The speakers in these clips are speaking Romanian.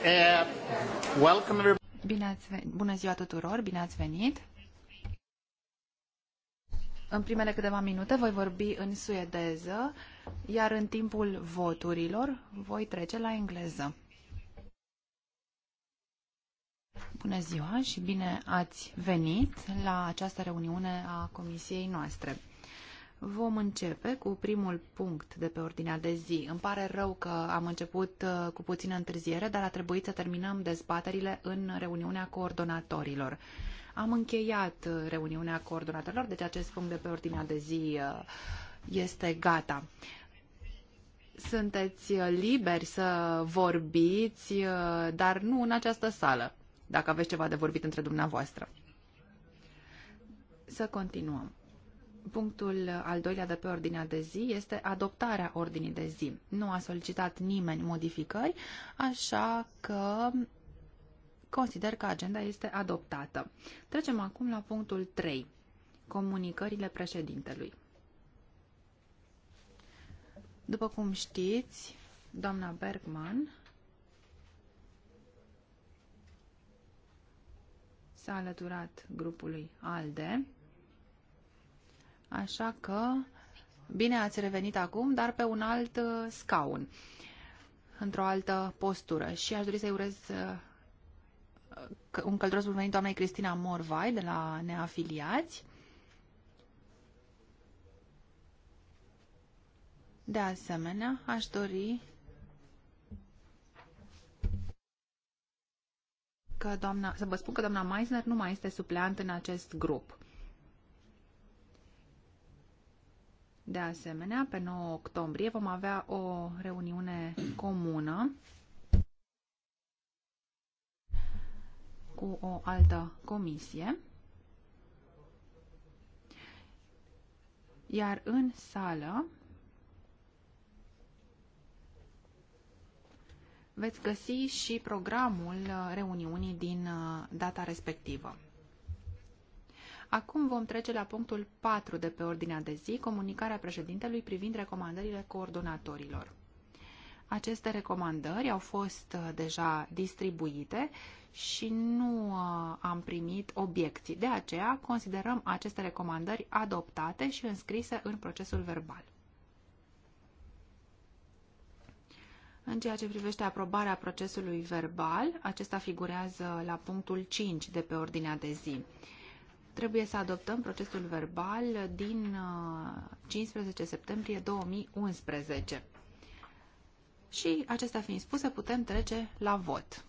Uh, bine ați venit. Bună ziua tuturor, bine ați venit. În primele câteva minute voi vorbi în suedeză, iar în timpul voturilor voi trece la engleză. Bună ziua și bine ați venit la această reuniune a comisiei noastre. Vom începe cu primul punct de pe ordinea de zi. Îmi pare rău că am început uh, cu puțină întârziere, dar a trebuit să terminăm dezbaterile în reuniunea coordonatorilor. Am încheiat uh, reuniunea coordonatorilor, deci acest punct de pe ordinea de zi uh, este gata. Sunteți liberi să vorbiți, dar nu în această sală, dacă aveți ceva de vorbit între dumneavoastră. Să continuăm. Punctul al doilea de pe ordinea de zi este adoptarea ordinii de zi. Nu a solicitat nimeni modificări, așa că consider că agenda este adoptată. Trecem acum la punctul 3. Comunicările președintelui. După cum știți, doamna Bergman s-a alăturat grupului ALDE Așa că bine ați revenit acum, dar pe un alt uh, scaun, într-o altă postură. Și aș dori să-i urez uh, un călduros bun venit doamnei Cristina Morvai de la Neafiliați. De asemenea, aș dori că doamna, să vă spun că doamna Meisner nu mai este supleant în acest grup. De asemenea, pe 9 octombrie vom avea o reuniune comună cu o altă comisie. Iar în sală veți găsi și programul reuniunii din uh, data respectivă. Acum vom trece la punctul 4 de pe ordinea de zi, comunicarea președintelui privind recomandările coordonatorilor. Aceste recomandări au fost uh, deja distribuite și nu uh, am primit obiecții. De aceea considerăm aceste recomandări adoptate și înscrise în procesul verbal. În ceea ce privește aprobarea procesului verbal, acesta figurează la punctul 5 de pe ordinea de zi trebuie să adoptăm procesul verbal din 15 uh, septembrie 2011. Și acestea fiind spuse, putem trece la vot.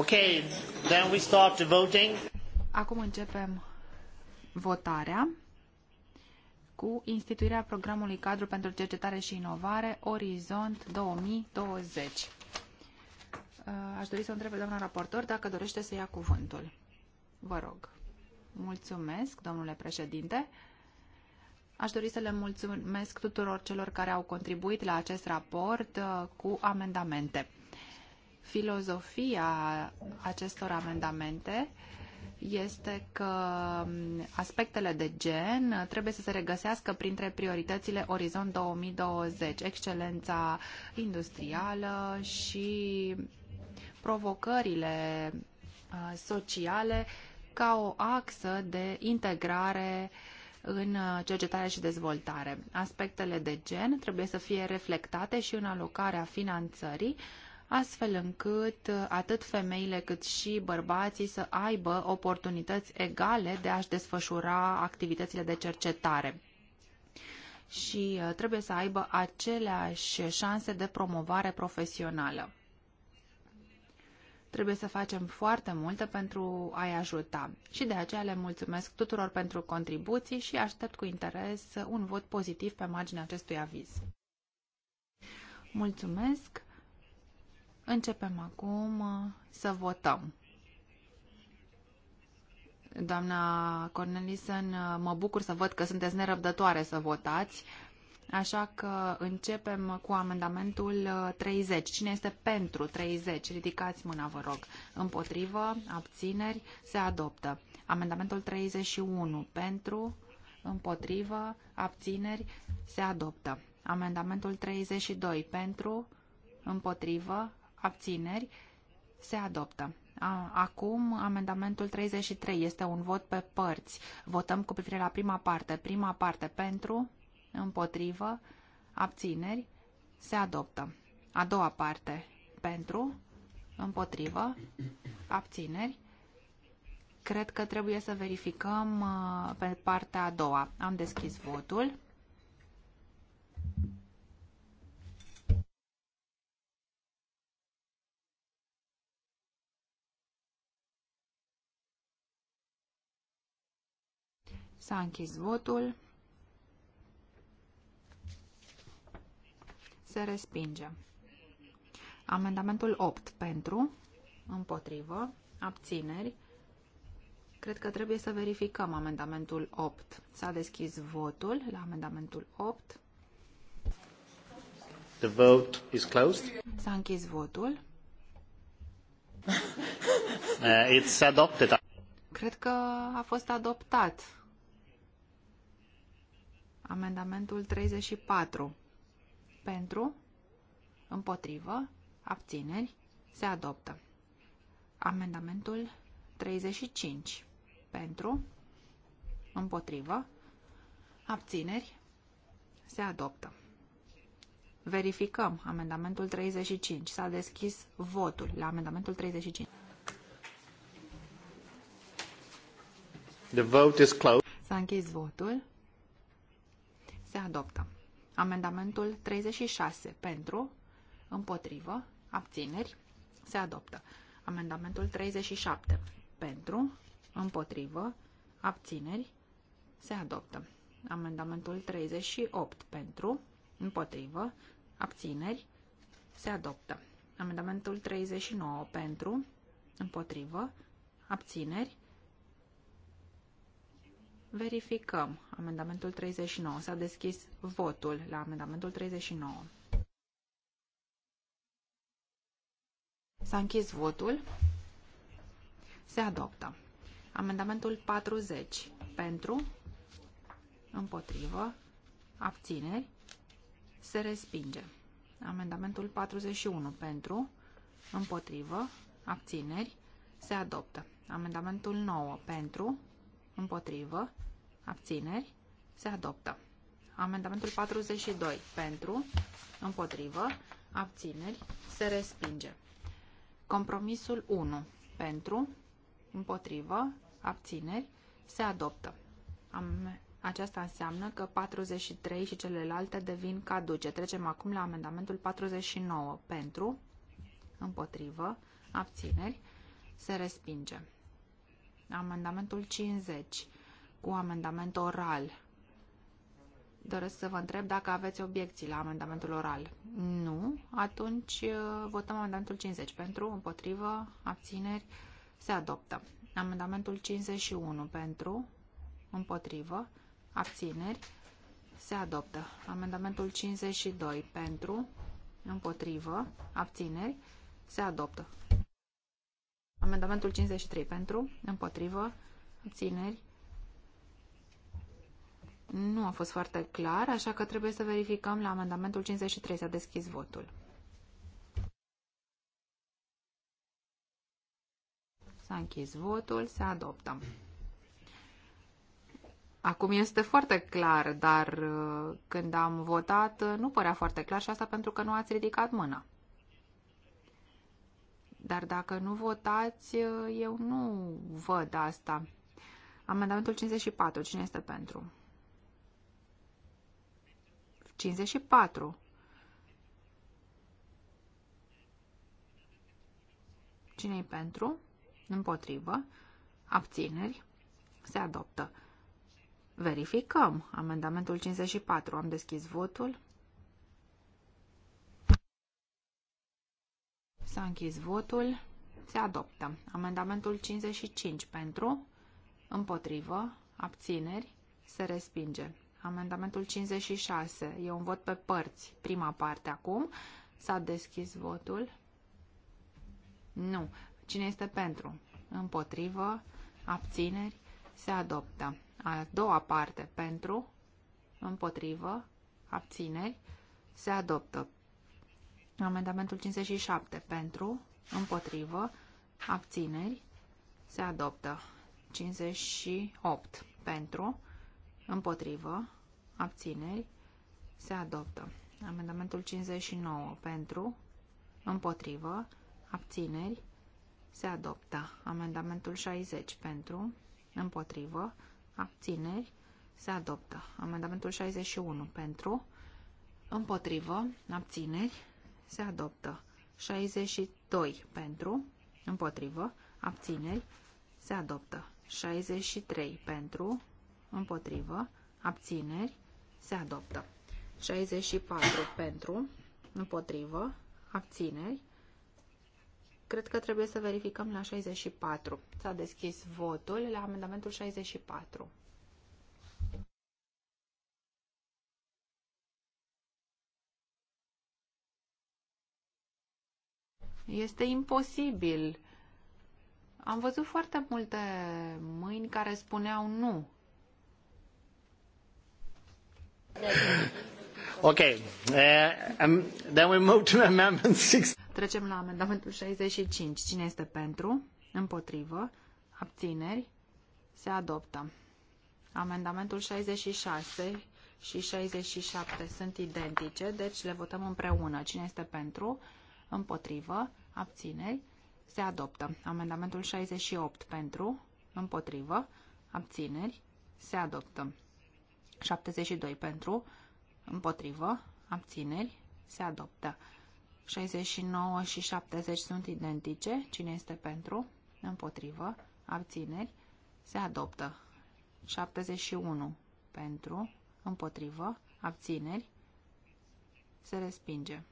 Okay, then we start the voting. Acum începem votarea cu instituirea programului cadru pentru cercetare și inovare Orizont 2020. Uh, aș dori să întreb doamna raportor dacă dorește să ia cuvântul. Vă rog. Mulțumesc, domnule președinte. Aș dori să le mulțumesc tuturor celor care au contribuit la acest raport uh, cu amendamente filozofia acestor amendamente este că um, aspectele de gen trebuie să se regăsească printre prioritățile Orizont 2020, excelența industrială și provocările uh, sociale ca o axă de integrare în uh, cercetare și dezvoltare. Aspectele de gen trebuie să fie reflectate și în alocarea finanțării astfel încât uh, atât femeile cât și bărbații să aibă oportunități egale de a-și desfășura activitățile de cercetare și uh, trebuie să aibă aceleași șanse de promovare profesională. Trebuie să facem foarte multe pentru a-i ajuta și de aceea le mulțumesc tuturor pentru contribuții și aștept cu interes un vot pozitiv pe marginea acestui aviz. Mulțumesc! Începem acum uh, să votăm. Doamna Cornelisen, uh, mă bucur să văd că sunteți nerăbdătoare să votați, așa că începem cu amendamentul 30. Uh, Cine este pentru 30? Ridicați mâna, vă rog. Împotrivă, abțineri, se adoptă. Amendamentul 31, pentru, împotrivă, abțineri, se adoptă. Amendamentul 32, pentru, împotrivă, abțineri, se adoptă. Acum, amendamentul 33 este un vot pe părți. Votăm cu privire la prima parte. Prima parte pentru, împotrivă, abțineri, se adoptă. A doua parte pentru, împotrivă, abțineri. Cred că trebuie să verificăm uh, pe partea a doua. Am deschis votul. S-a închis votul. Se respinge. Amendamentul 8 pentru, împotrivă, abțineri. Cred că trebuie să verificăm amendamentul 8. S-a deschis votul la amendamentul 8. The vote is closed. S-a închis votul. Uh, it's adopted. Cred că a fost adoptat. Amendamentul 34. Pentru, împotrivă, abțineri, se adoptă. Amendamentul 35. Pentru, împotrivă, abțineri, se adoptă. Verificăm amendamentul 35. S-a deschis votul la amendamentul 35. The vote is closed. S-a închis votul se adoptă. Amendamentul 36 pentru, împotrivă, abțineri, se adoptă. Amendamentul 37 pentru, împotrivă, abțineri, se adoptă. Amendamentul 38 pentru, împotrivă, abțineri, se adoptă. Amendamentul 39 pentru, împotrivă, abțineri, Verificăm. Amendamentul 39. S-a deschis votul la amendamentul 39. S-a închis votul. Se adoptă. Amendamentul 40. Pentru. Împotrivă. Abțineri. Se respinge. Amendamentul 41. Pentru. Împotrivă. Abțineri. Se adoptă. Amendamentul 9. Pentru. Împotrivă abțineri, se adoptă. Amendamentul 42 pentru, împotrivă, abțineri, se respinge. Compromisul 1 pentru, împotrivă, abțineri, se adoptă. Am... Aceasta înseamnă că 43 și celelalte devin caduce. Trecem acum la amendamentul 49 pentru, împotrivă, abțineri, se respinge. Amendamentul 50 cu amendament oral. Doresc să vă întreb dacă aveți obiecții la amendamentul oral. Nu? Atunci uh, votăm amendamentul 50. Pentru, împotrivă, abțineri, se adoptă. Amendamentul 51 pentru, împotrivă, abțineri, se adoptă. Amendamentul 52 pentru, împotrivă, abțineri, se adoptă. Amendamentul 53 pentru, împotrivă, abțineri, nu a fost foarte clar, așa că trebuie să verificăm la amendamentul 53. S-a deschis votul. S-a închis votul, se adoptă. Acum este foarte clar, dar uh, când am votat uh, nu părea foarte clar și asta pentru că nu ați ridicat mâna. Dar dacă nu votați, uh, eu nu văd asta. Amendamentul 54, cine este pentru? 54. cine pentru? Împotrivă. Abțineri. Se adoptă. Verificăm amendamentul 54. Am deschis votul. S-a închis votul. Se adoptă. Amendamentul 55 pentru, împotrivă, abțineri, se respinge. Amendamentul 56. E un vot pe părți. Prima parte acum. S-a deschis votul. Nu. Cine este pentru? Împotrivă. Abțineri. Se adoptă. A doua parte. Pentru. Împotrivă. Abțineri. Se adoptă. Amendamentul 57. Pentru. Împotrivă. Abțineri. Se adoptă. 58. Pentru Împotrivă. Abțineri. Se adoptă. Amendamentul 59 pentru. Împotrivă. Abțineri. Se adoptă. Amendamentul 60 pentru. Împotrivă. Abțineri. Se adoptă. Amendamentul 61 pentru. Împotrivă. Abțineri. Se adoptă. 62 pentru. Împotrivă. Abțineri. Se adoptă. 63 pentru împotrivă, abțineri, se adoptă. 64 pentru, împotrivă, abțineri. Cred că trebuie să verificăm la 64. S-a deschis votul la amendamentul 64. Este imposibil. Am văzut foarte multe mâini care spuneau nu. Ok. um, then we move to amendment 6. Trecem la amendamentul 65. Cine este pentru? Împotrivă? Abțineri? Se adoptă. Amendamentul 66 și 67 sunt identice, deci le votăm împreună. Cine este pentru? Împotrivă? Abțineri? Se adoptă. Amendamentul 68 pentru? Împotrivă? Abțineri? Se adoptă. 72 pentru, împotrivă, abțineri, se adoptă. 69 și 70 sunt identice. Cine este pentru? Împotrivă. Abțineri. Se adoptă. 71 pentru. Împotrivă. Abțineri. Se respinge.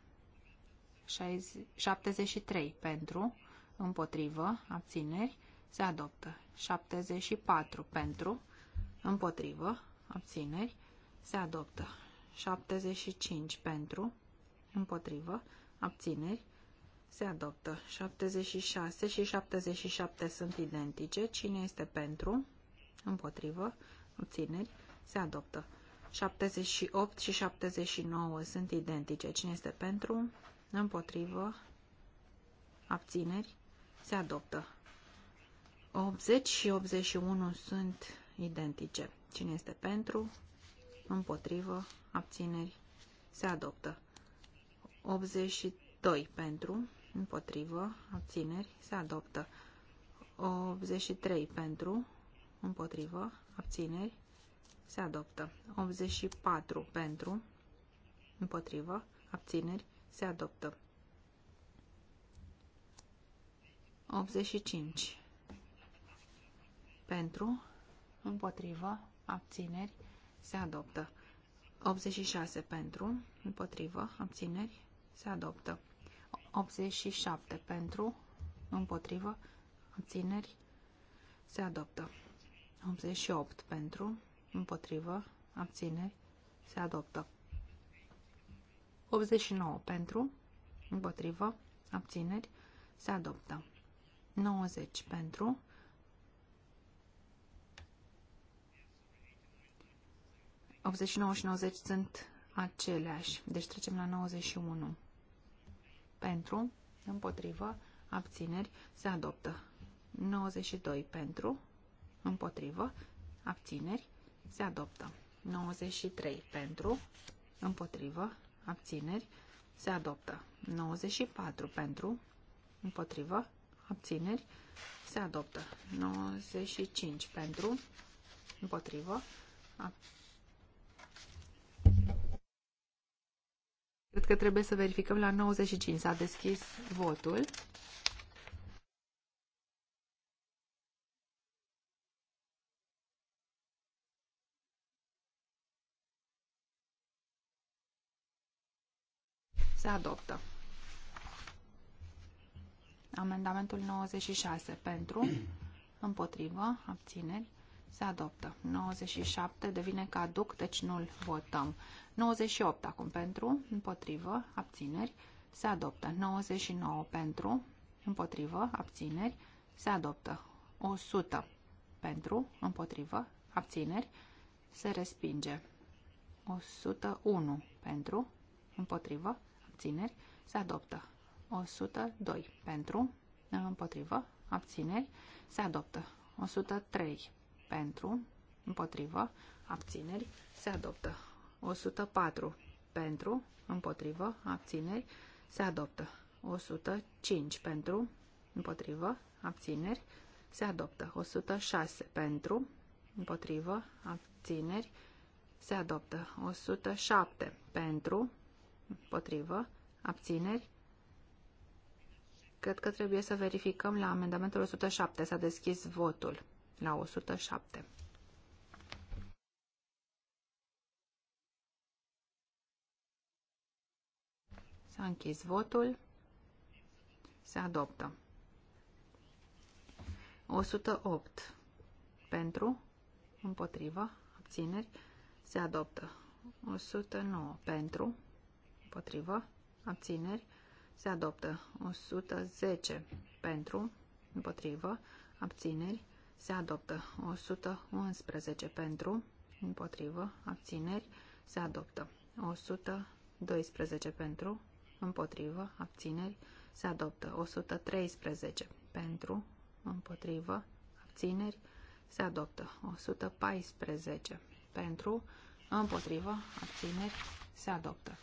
73 pentru. Împotrivă. Abțineri. Se adoptă. 74 pentru. Împotrivă abțineri, se adoptă. 75 pentru, împotrivă, abțineri, se adoptă. 76 și 77 sunt identice. Cine este pentru, împotrivă, abțineri, se adoptă. 78 și 79 sunt identice. Cine este pentru, împotrivă, abțineri, se adoptă. 80 și 81 sunt identice. Cine este pentru? Împotrivă. Abțineri. Se adoptă. 82 pentru. Împotrivă. Abțineri. Se adoptă. 83 pentru. Împotrivă. Abțineri. Se adoptă. 84 pentru. Împotrivă. Abțineri. Se adoptă. 85 pentru, împotrivă, abțineri, se adoptă. 86 pentru, împotrivă, abțineri, se adoptă. 87 pentru, împotrivă, abțineri, se adoptă. 88 pentru, împotrivă, abțineri, se adoptă. 89 pentru, împotrivă, abțineri, se adoptă. 90 pentru, 89 și 90 sunt aceleași. Deci trecem la 91. Pentru, împotrivă, abțineri, se adoptă. 92 pentru, împotrivă, abțineri, se adoptă. 93 pentru, împotrivă, abțineri, se adoptă. 94 pentru, împotrivă, abțineri, se adoptă. 95 pentru, împotrivă, abțineri Cred că trebuie să verificăm la 95. S-a deschis votul. Se adoptă. Amendamentul 96 pentru, împotrivă, abțineri, se adoptă. 97 devine caduc, deci nu-l votăm. 98 acum pentru, împotrivă, abțineri, se adoptă. 99 pentru, împotrivă, abțineri, se adoptă. 100 pentru, împotrivă, abțineri, se respinge. 101 pentru, împotrivă, abțineri, se adoptă. 102 pentru, împotrivă, abțineri, se adoptă. 103 pentru, împotrivă, abțineri, se adoptă. 104 pentru, împotrivă, abțineri, se adoptă. 105 pentru, împotrivă, abțineri, se adoptă. 106 pentru, împotrivă, abțineri, se adoptă. 107 pentru, împotrivă, abțineri. Cred că trebuie să verificăm la amendamentul 107. S-a deschis votul la 107. S-a închis votul. Se adoptă. 108 pentru, împotriva, abțineri, se adoptă. 109 pentru, împotrivă, abțineri, se adoptă. 110 pentru, împotrivă, abțineri, se adoptă. 111 pentru, împotrivă, abțineri, se adoptă. 112 pentru, împotrivă, abțineri, se adoptă. 113 pentru, împotrivă, abțineri, se adoptă. 114 pentru, împotrivă, abțineri, se adoptă.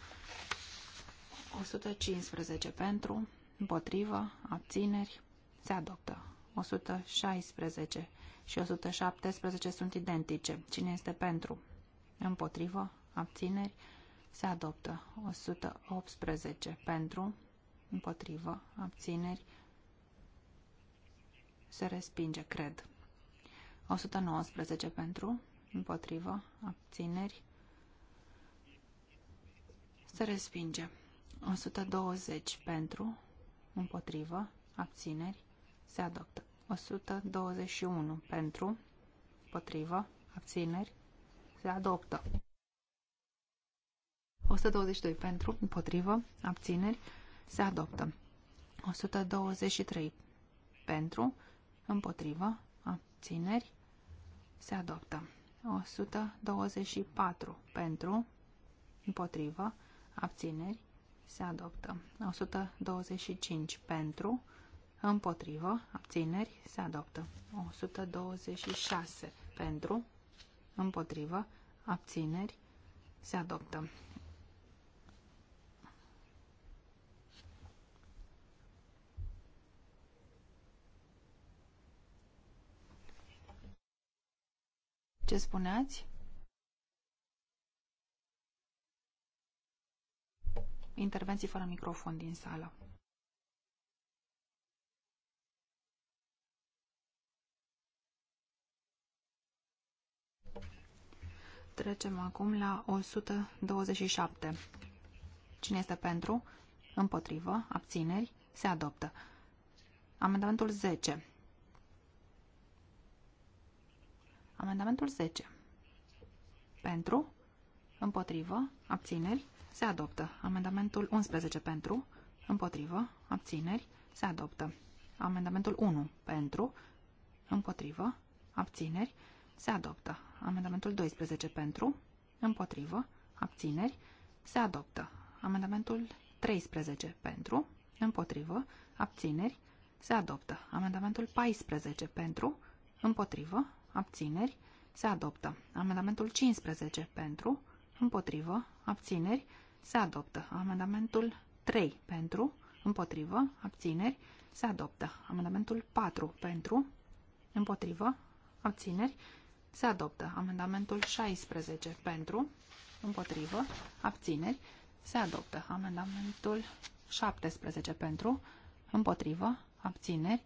115 pentru, împotrivă, abțineri, se adoptă. 116 și 117 sunt identice. Cine este pentru? Împotrivă? Abțineri? Se adoptă. 118 pentru? Împotrivă? Abțineri? Se respinge, cred. 119 pentru? Împotrivă? Abțineri? Se respinge. 120 pentru? Împotrivă? Abțineri? se adoptă. 121 pentru, potrivă, abțineri, se adoptă. 122 pentru, împotrivă, abțineri, se adoptă. 123 pentru, împotrivă, abțineri, se adoptă. 124 pentru, împotrivă, abțineri, se adoptă. 125 pentru, Împotrivă, abțineri, se adoptă. 126 pentru, împotrivă, abțineri, se adoptă. Ce spuneați? Intervenții fără microfon din sală. Trecem acum la 127. Cine este pentru? Împotrivă. Abțineri. Se adoptă. Amendamentul 10. Amendamentul 10. Pentru. Împotrivă. Abțineri. Se adoptă. Amendamentul 11. Pentru. Împotrivă. Abțineri. Se adoptă. Amendamentul 1. Pentru. Împotrivă. Abțineri. Se adoptă. Amendamentul 12 pentru, împotrivă, abțineri, se adoptă. Amendamentul 13 pentru, împotrivă, abțineri, se adoptă. Amendamentul 14 pentru, împotrivă, abțineri, se adoptă. Amendamentul 15 pentru, împotrivă, abțineri, se adoptă. Amendamentul 3 pentru, împotrivă, abțineri, se adoptă. Amendamentul 4 pentru, împotrivă, abțineri, se adoptă. Amendamentul 16 pentru, împotrivă, abțineri. Se adoptă. Amendamentul 17 pentru, împotrivă, abțineri.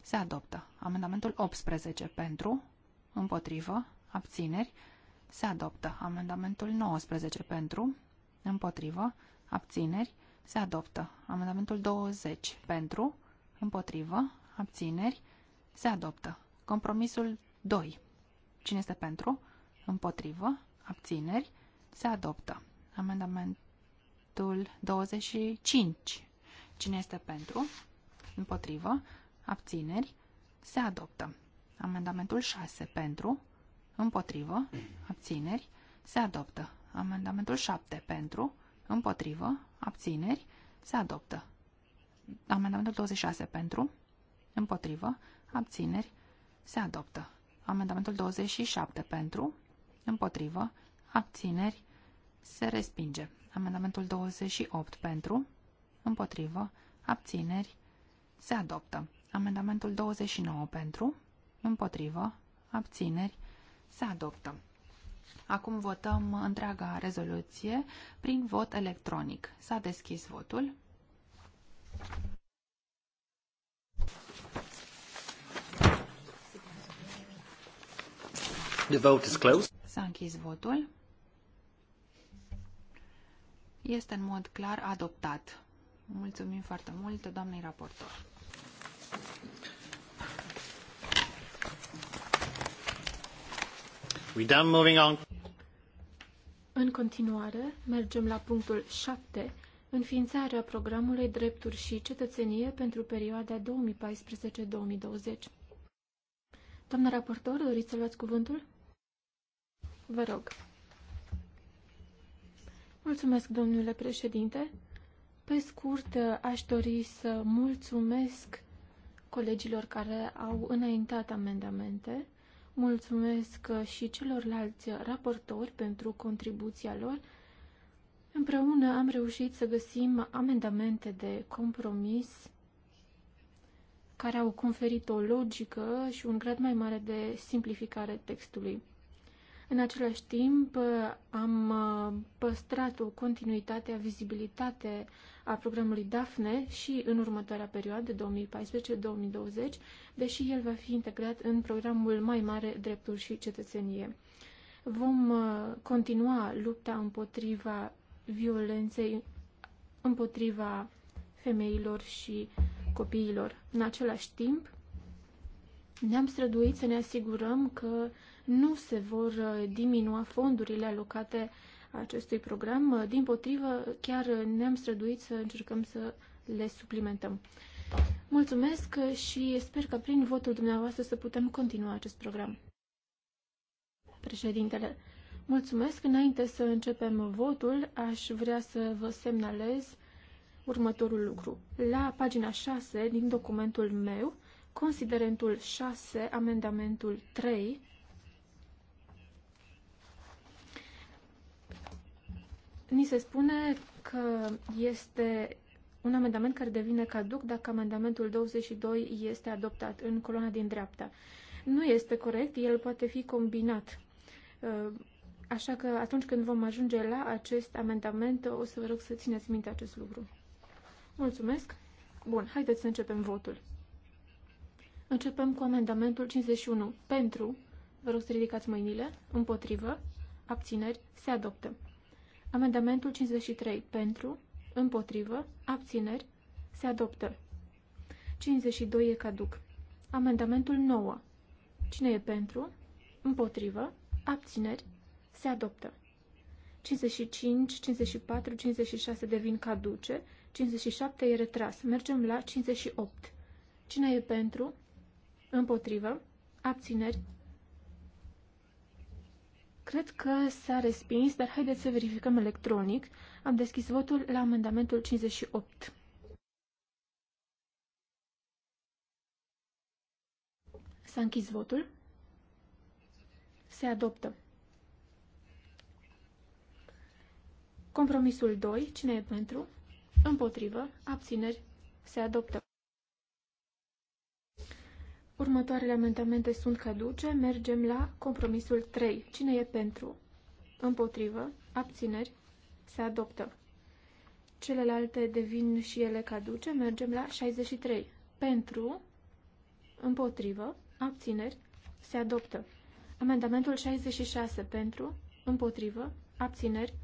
Se adoptă. Amendamentul 18 pentru, împotrivă, abțineri. Se adoptă. Amendamentul 19 pentru, împotrivă, abțineri. Se adoptă. Amendamentul 20 pentru, împotrivă, abțineri. Se adoptă. Compromisul 2 Cine este pentru? Împotrivă? Abțineri? Se adoptă. Amendamentul 25. Cine este pentru? Împotrivă? Abțineri? Se adoptă. Amendamentul 6. Pentru? Împotrivă? Abțineri? Se adoptă. Amendamentul 7. Pentru? Împotrivă? Abțineri? Se adoptă. Amendamentul 26. Pentru? Împotrivă? Abțineri? Se adoptă. Amendamentul 27 pentru, împotrivă, abțineri, se respinge. Amendamentul 28 pentru, împotrivă, abțineri, se adoptă. Amendamentul 29 pentru, împotrivă, abțineri, se adoptă. Acum votăm întreaga rezoluție prin vot electronic. S-a deschis votul. The vote is closed. S-a închis votul. Este în mod clar adoptat. Mulțumim foarte mult, doamnei raportor. We done moving on. În continuare, mergem la punctul 7, înființarea programului Drepturi și Cetățenie pentru perioada 2014-2020. Doamna raportor, doriți să luați cuvântul? Vă rog. Mulțumesc, domnule președinte. Pe scurt, aș dori să mulțumesc colegilor care au înaintat amendamente. Mulțumesc și celorlalți raportori pentru contribuția lor. Împreună am reușit să găsim amendamente de compromis care au conferit o logică și un grad mai mare de simplificare textului. În același timp, uh, am uh, păstrat o continuitate, a vizibilitate a programului DAFNE și în următoarea perioadă, 2014-2020, deși el va fi integrat în programul mai mare Drepturi și Cetățenie. Vom uh, continua lupta împotriva violenței, împotriva femeilor și copiilor. În același timp, ne-am străduit să ne asigurăm că nu se vor uh, diminua fondurile alocate acestui program. Uh, din potrivă, chiar uh, ne-am străduit să încercăm să le suplimentăm. Mulțumesc și sper că prin votul dumneavoastră să putem continua acest program. Președintele, mulțumesc. Înainte să începem votul, aș vrea să vă semnalez următorul lucru. La pagina 6 din documentul meu, considerentul 6, amendamentul 3, Ni se spune că este un amendament care devine caduc dacă amendamentul 22 este adoptat în coloana din dreapta. Nu este corect, el poate fi combinat. Uh, așa că atunci când vom ajunge la acest amendament, o să vă rog să țineți minte acest lucru. Mulțumesc. Bun, haideți să începem votul. Începem cu amendamentul 51. Pentru, vă rog să ridicați mâinile, împotrivă, abțineri, se adoptă. Amendamentul 53 pentru, împotrivă, abțineri, se adoptă. 52 e caduc. Amendamentul 9. Cine e pentru, împotrivă, abțineri, se adoptă. 55, 54, 56 devin caduce, 57 e retras. Mergem la 58. Cine e pentru, împotrivă, abțineri, Cred că s-a respins, dar haideți să verificăm electronic. Am deschis votul la amendamentul 58. S-a închis votul. Se adoptă. Compromisul 2. Cine e pentru? Împotrivă. Abțineri. Se adoptă. Următoarele amendamente sunt caduce. Mergem la compromisul 3. Cine e pentru? Împotrivă. Abțineri. Se adoptă. Celelalte devin și ele caduce. Mergem la 63. Pentru. Împotrivă. Abțineri. Se adoptă. Amendamentul 66. Pentru. Împotrivă. Abțineri.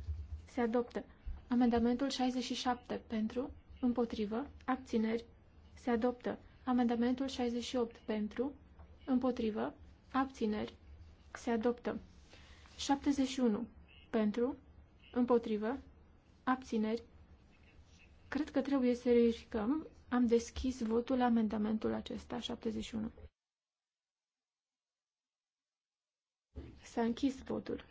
Se adoptă. Amendamentul 67. Pentru. Împotrivă. Abțineri. Se adoptă. Amendamentul 68 pentru, împotrivă, abțineri, se adoptă. 71 pentru, împotrivă, abțineri. Cred că trebuie să verificăm. Am deschis votul la amendamentul acesta, 71. S-a închis votul.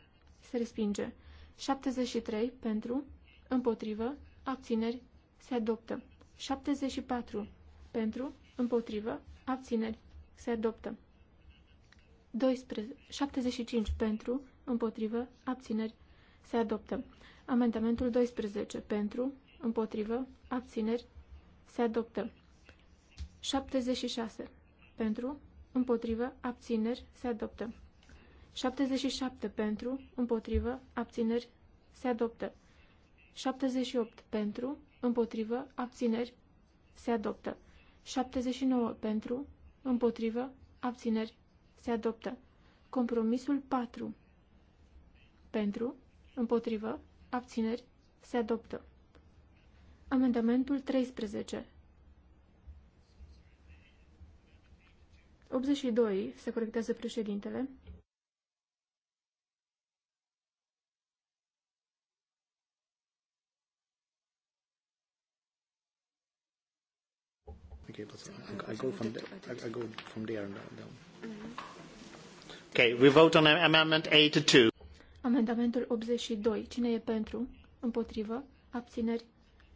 Se respinge. 73 pentru, împotrivă, abțineri, se adoptă. 74 pentru, Împotrivă. Abțineri. Se adoptă. 12, 75 pentru. Împotrivă. Abțineri. Se adoptă. Amendamentul 12 pentru. Împotrivă. Abțineri. Se adoptă. 76 pentru. Împotrivă. Abțineri. Se adoptă. 77 pentru. Împotrivă. Abțineri. Se adoptă. 78 pentru. Împotrivă. Abțineri. Se adoptă. 79 pentru, împotrivă, abțineri, se adoptă. Compromisul 4 pentru, împotrivă, abțineri, se adoptă. Amendamentul 13 82, se corectează președintele, table. So I, I go from the, I, I go from there and down. Mm-hmm. Okay, we vote on amendment 82. Amendamentul 82. Cine e pentru? Împotrivă? Abțineri?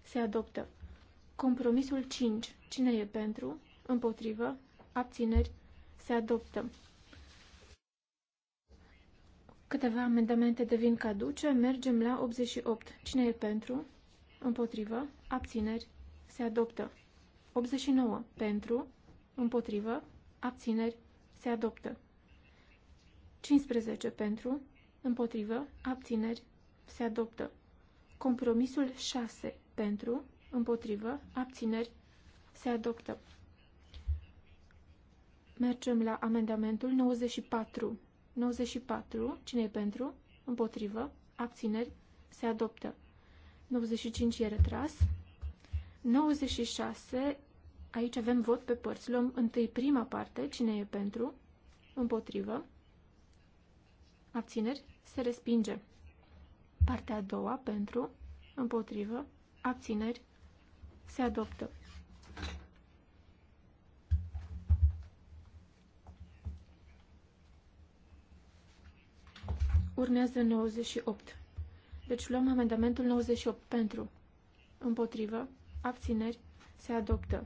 Se adoptă. Compromisul 5. Cine e pentru? Împotrivă? Abțineri? Se adoptă. Câteva amendamente devin caduce. Mergem la 88. Cine e pentru? Împotrivă? Abțineri? Se adoptă. 89 pentru, împotrivă, abțineri, se adoptă. 15 pentru, împotrivă, abțineri, se adoptă. Compromisul 6 pentru, împotrivă, abțineri, se adoptă. Mergem la amendamentul 94. 94, cine e pentru? Împotrivă, abțineri, se adoptă. 95 e retras. 96, aici avem vot pe părți. Luăm întâi prima parte, cine e pentru, împotrivă, abțineri, se respinge. Partea a doua, pentru, împotrivă, abțineri, se adoptă. Urmează 98. Deci luăm amendamentul 98 pentru, împotrivă, abțineri, se adoptă.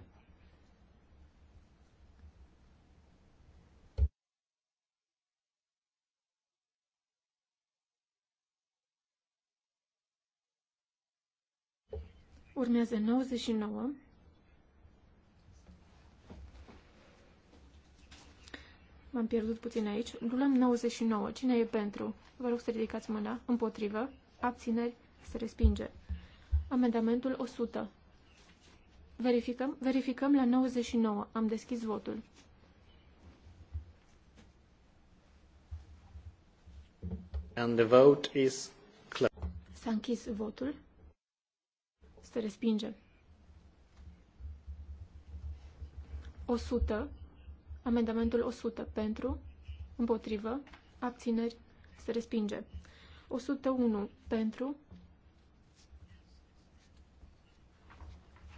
Urmează 99. M-am pierdut puțin aici. Rulăm 99. Cine e pentru? Vă rog să ridicați mâna. Împotrivă. Abțineri. Se respinge. Amendamentul 100. Verificăm? Verificăm la 99. Am deschis votul. And the vote is closed. S-a închis votul. Se respinge. 100. Amendamentul 100 pentru, împotrivă, abțineri, se respinge. 101 pentru,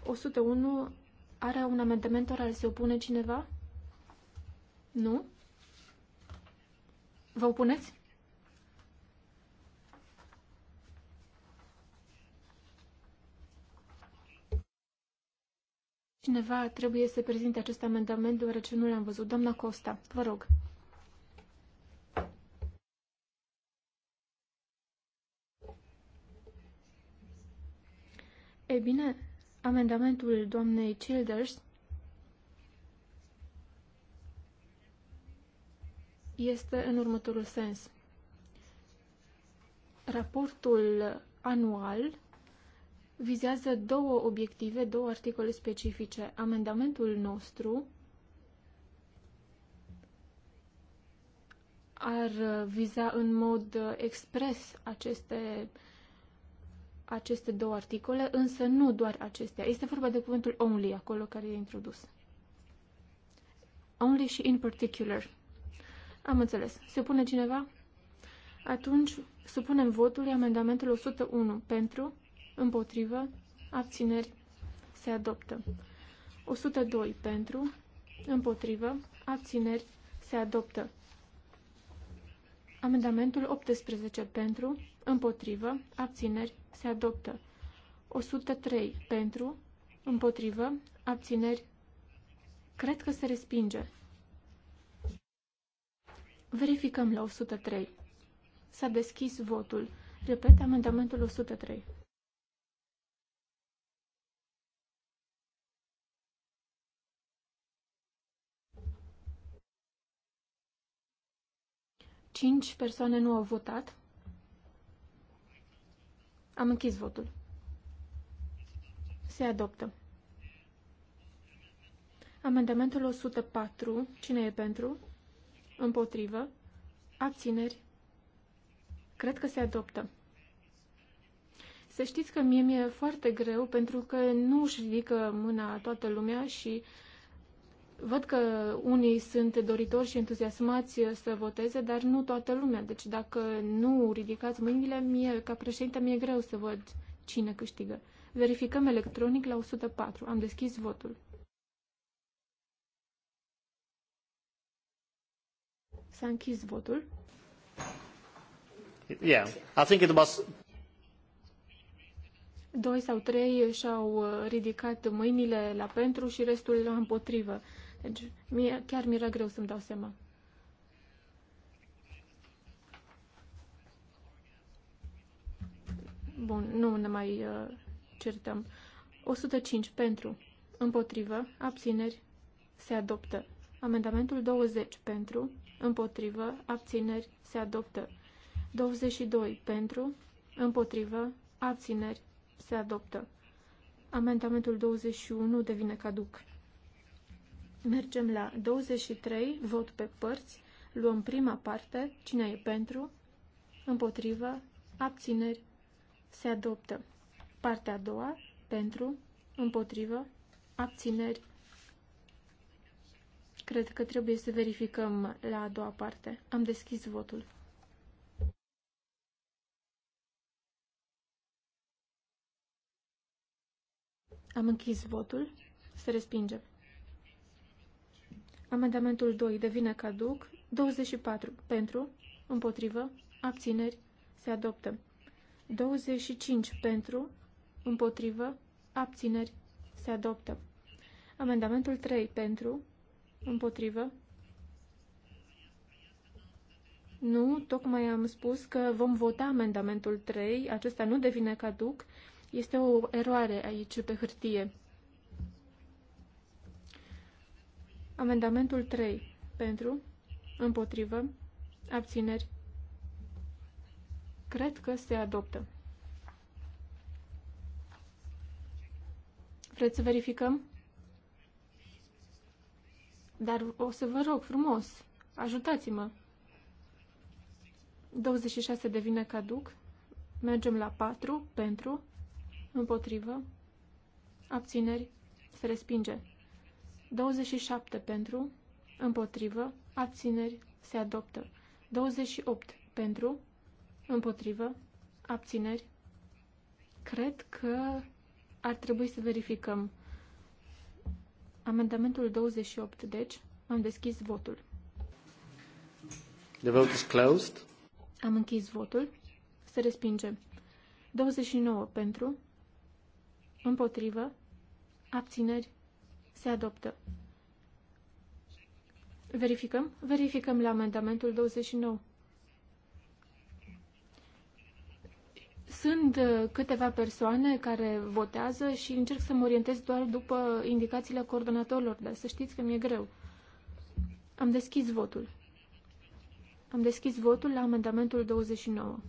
101 are un amendament oral. Se opune cineva? Nu? Vă opuneți? Cineva trebuie să prezinte acest amendament deoarece nu l-am văzut. Doamna Costa, vă rog. E bine, amendamentul doamnei Childers este în următorul sens. Raportul anual vizează două obiective, două articole specifice. Amendamentul nostru ar viza în mod expres aceste uh, aceste două articole, însă nu doar acestea. Este vorba de cuvântul only acolo care e introdus. Only și in particular. Am înțeles. Se pune cineva? Atunci supunem votului amendamentul 101 pentru, împotrivă, abțineri, se adoptă. 102 pentru, împotrivă, abțineri, se adoptă. Amendamentul 18 pentru, împotrivă, abțineri, se adoptă. 103 pentru, împotrivă, abțineri, cred că se respinge. Verificăm la 103. S-a deschis votul. Repet amendamentul 103. Cinci persoane nu au votat. Am închis votul. Se adoptă. Amendamentul 104. Cine e pentru? Împotrivă? Abțineri? Cred că se adoptă. Să știți că mie mi-e foarte greu pentru că nu își ridică mâna toată lumea și Văd că unii sunt doritori și entuziasmați să voteze, dar nu toată lumea. Deci dacă nu ridicați mâinile, mie, ca președinte, mi-e greu să văd cine câștigă. Verificăm electronic la 104. Am deschis votul. S-a închis votul. Yeah, I think it was... Doi sau trei și-au ridicat mâinile la pentru și restul la împotrivă. Deci, Mie chiar mi-era greu să-mi dau seama. Bun, nu ne mai uh, certăm. 105 pentru, împotrivă, abțineri, se adoptă. Amendamentul 20 pentru, împotrivă, abțineri, se adoptă. 22 pentru, împotrivă, abțineri, se adoptă. Amendamentul 21 devine caduc. Mergem la 23, vot pe părți. Luăm prima parte, cine e pentru, împotrivă, abțineri, se adoptă. Partea a doua, pentru, împotrivă, abțineri. Cred că trebuie să verificăm la a doua parte. Am deschis votul. Am închis votul. Se respinge. Amendamentul 2 devine caduc. 24 pentru, împotrivă, abțineri, se adoptă. 25 pentru, împotrivă, abțineri, se adoptă. Amendamentul 3 pentru, împotrivă. Nu, tocmai am spus că vom vota amendamentul 3, acesta nu devine caduc, este o eroare aici pe hârtie. Amendamentul 3. Pentru, împotrivă, abțineri. Cred că se adoptă. Vreți să verificăm? Dar o să vă rog frumos, ajutați-mă. 26 devine caduc. Mergem la 4, pentru, împotrivă, abțineri, se respinge. 27 pentru, împotrivă, abțineri, se adoptă. 28 pentru, împotrivă, abțineri. Cred că ar trebui să verificăm. Amendamentul 28, deci, am deschis votul. The vote is closed. Am închis votul. Se respinge. 29 pentru, împotrivă, abțineri, se adoptă. Verificăm? Verificăm la amendamentul 29. Sunt uh, câteva persoane care votează și încerc să mă orientez doar după indicațiile coordonatorilor, dar să știți că mi-e greu. Am deschis votul. Am deschis votul la amendamentul 29.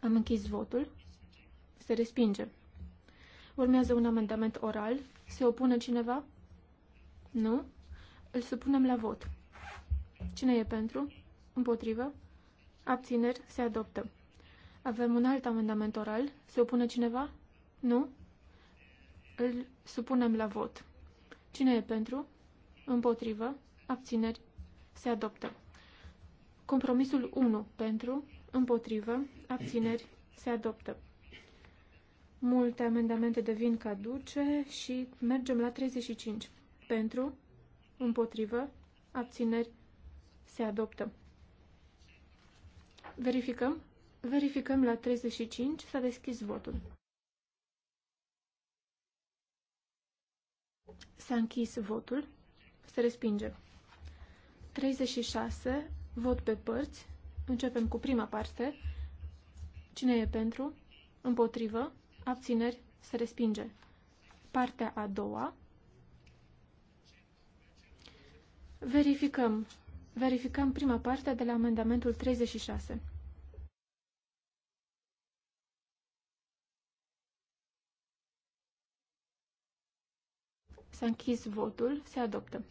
Am închis votul. Se respinge. Urmează un amendament oral. Se opune cineva? Nu? Îl supunem la vot. Cine e pentru? Împotrivă? Abțineri? Se adoptă. Avem un alt amendament oral. Se opune cineva? Nu? Îl supunem la vot. Cine e pentru? Împotrivă? Abțineri? Se adoptă. Compromisul 1 pentru, împotrivă, abțineri, se adoptă. Multe amendamente devin caduce și mergem la 35. Pentru, împotrivă, abțineri, se adoptă. Verificăm. Verificăm la 35. S-a deschis votul. S-a închis votul. Se respinge. 36. Vot pe părți. Începem cu prima parte. Cine e pentru? Împotrivă? abțineri, se respinge. Partea a doua. Verificăm. Verificăm prima parte de la amendamentul 36. S-a închis votul, se adoptă.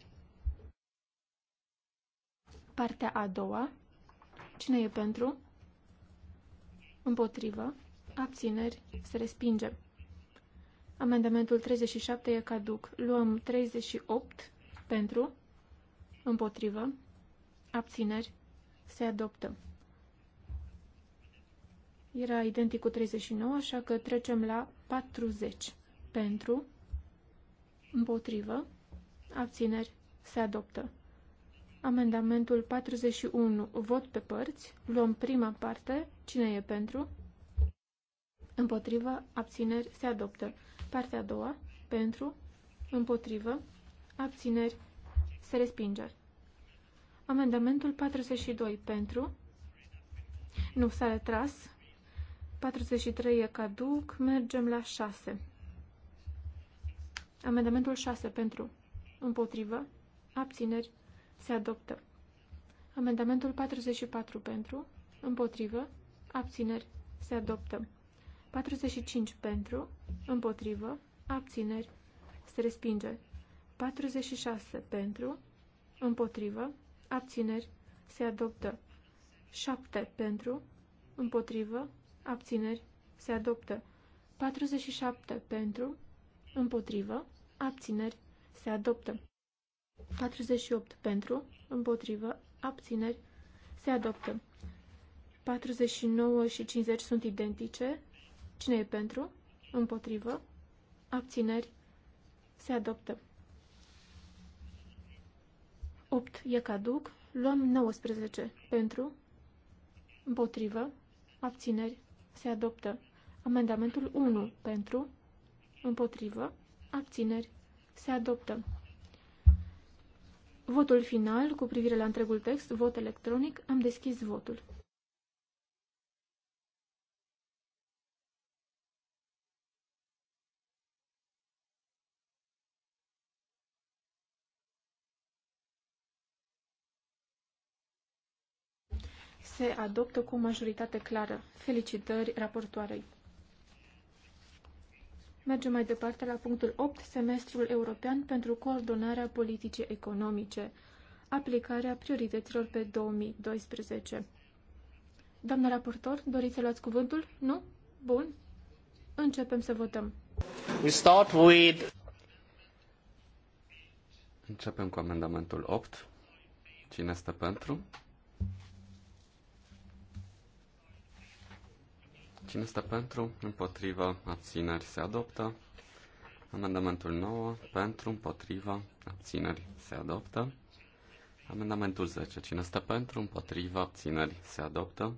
Partea a doua. Cine e pentru? Împotrivă abțineri, se respinge. Amendamentul 37 e caduc. Luăm 38 pentru, împotrivă, abțineri, se adoptă. Era identic cu 39, așa că trecem la 40. Pentru, împotrivă, abțineri, se adoptă. Amendamentul 41, vot pe părți, luăm prima parte, cine e pentru, împotrivă, abțineri, se adoptă. Partea a doua, pentru, împotrivă, abțineri, se respinge. Amendamentul 42, pentru, nu s-a retras, 43 e caduc, mergem la 6. Amendamentul 6, pentru, împotrivă, abțineri, se adoptă. Amendamentul 44, pentru, împotrivă, abțineri, se adoptă. 45 pentru, împotrivă, abțineri, se respinge. 46 pentru, împotrivă, abțineri, se adoptă. 7 pentru, împotrivă, abțineri, se adoptă. 47 pentru, împotrivă, abțineri, se adoptă. 48 pentru, împotrivă, abțineri, se adoptă. 49 și 50 sunt identice, Cine e pentru? Împotrivă? Abțineri? Se adoptă. 8 e caduc. Luăm 19 pentru? Împotrivă? Abțineri? Se adoptă. Amendamentul 1 pentru? Împotrivă? Abțineri? Se adoptă. Votul final cu privire la întregul text, vot electronic, am deschis votul. se adoptă cu majoritate clară. Felicitări raportoarei. Mergem mai departe la punctul 8, semestrul european pentru coordonarea politicii economice, aplicarea priorităților pe 2012. Doamna raportor, doriți să luați cuvântul? Nu? Bun. Începem să votăm. We start with... Începem cu amendamentul 8. Cine stă pentru? Cine este pentru? Împotriva. Abțineri se adoptă. Amendamentul 9. Pentru. Împotriva. Abțineri se adoptă. Amendamentul 10. Cine este pentru? Împotriva. Abțineri se adoptă.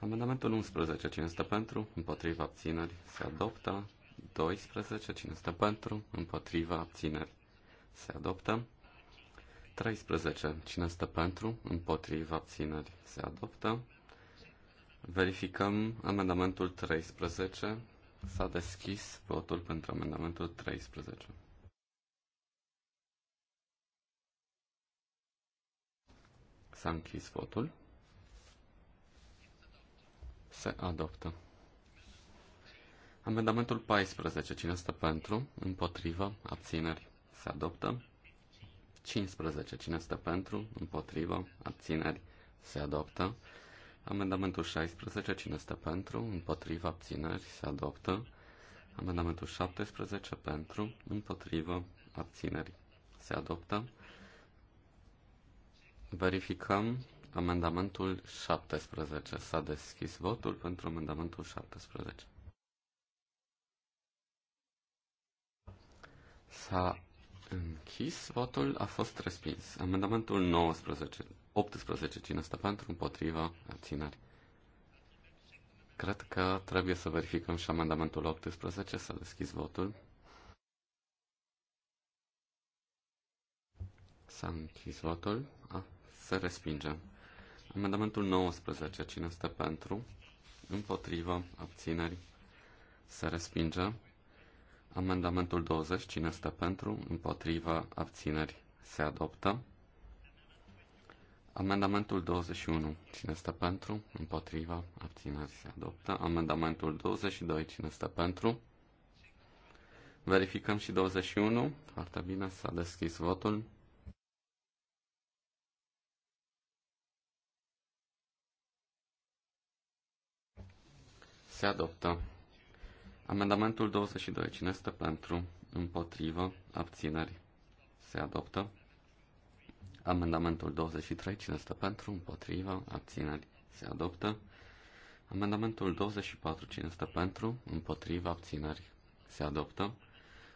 Amendamentul 11. Cine este pentru? Împotriva. Abțineri se adoptă. 12. Cine este pentru? Împotriva. Abțineri se adoptă. 13. Cine este pentru? Împotriva. Abțineri se adoptă. Verificăm amendamentul 13. S-a deschis votul pentru amendamentul 13. S-a închis votul. Se adoptă. Amendamentul 14. Cine stă pentru? Împotrivă? Abțineri? Se adoptă. 15. Cine stă pentru? Împotrivă? Abțineri? Se adoptă. Amendamentul 16, cine este pentru? Împotriva abțineri se adoptă. Amendamentul 17 pentru, împotrivă, abțineri. Se adoptă. Verificăm amendamentul 17. S-a deschis votul pentru amendamentul 17. S-a închis votul, a fost respins. Amendamentul 19. 18. Cine stă pentru? Împotriva? Abțineri. Cred că trebuie să verificăm și amendamentul 18, să deschizi votul. S-a închis votul. A, se respinge. Amendamentul 19. Cine stă pentru? Împotriva? Abțineri. Se respinge. Amendamentul 20. Cine stă pentru? Împotriva? Abțineri. Se adoptă. Amendamentul 21. Cine stă pentru? Împotriva. Abțineri se adoptă. Amendamentul 22. Cine stă pentru? Verificăm și 21. Foarte bine, s-a deschis votul. Se adoptă. Amendamentul 22. Cine stă pentru? Împotrivă. Abțineri. Se adoptă. Amendamentul 23, cine stă pentru, împotriva, abțineri, se adoptă. Amendamentul 24, cine stă pentru, împotriva, abțineri, se adoptă.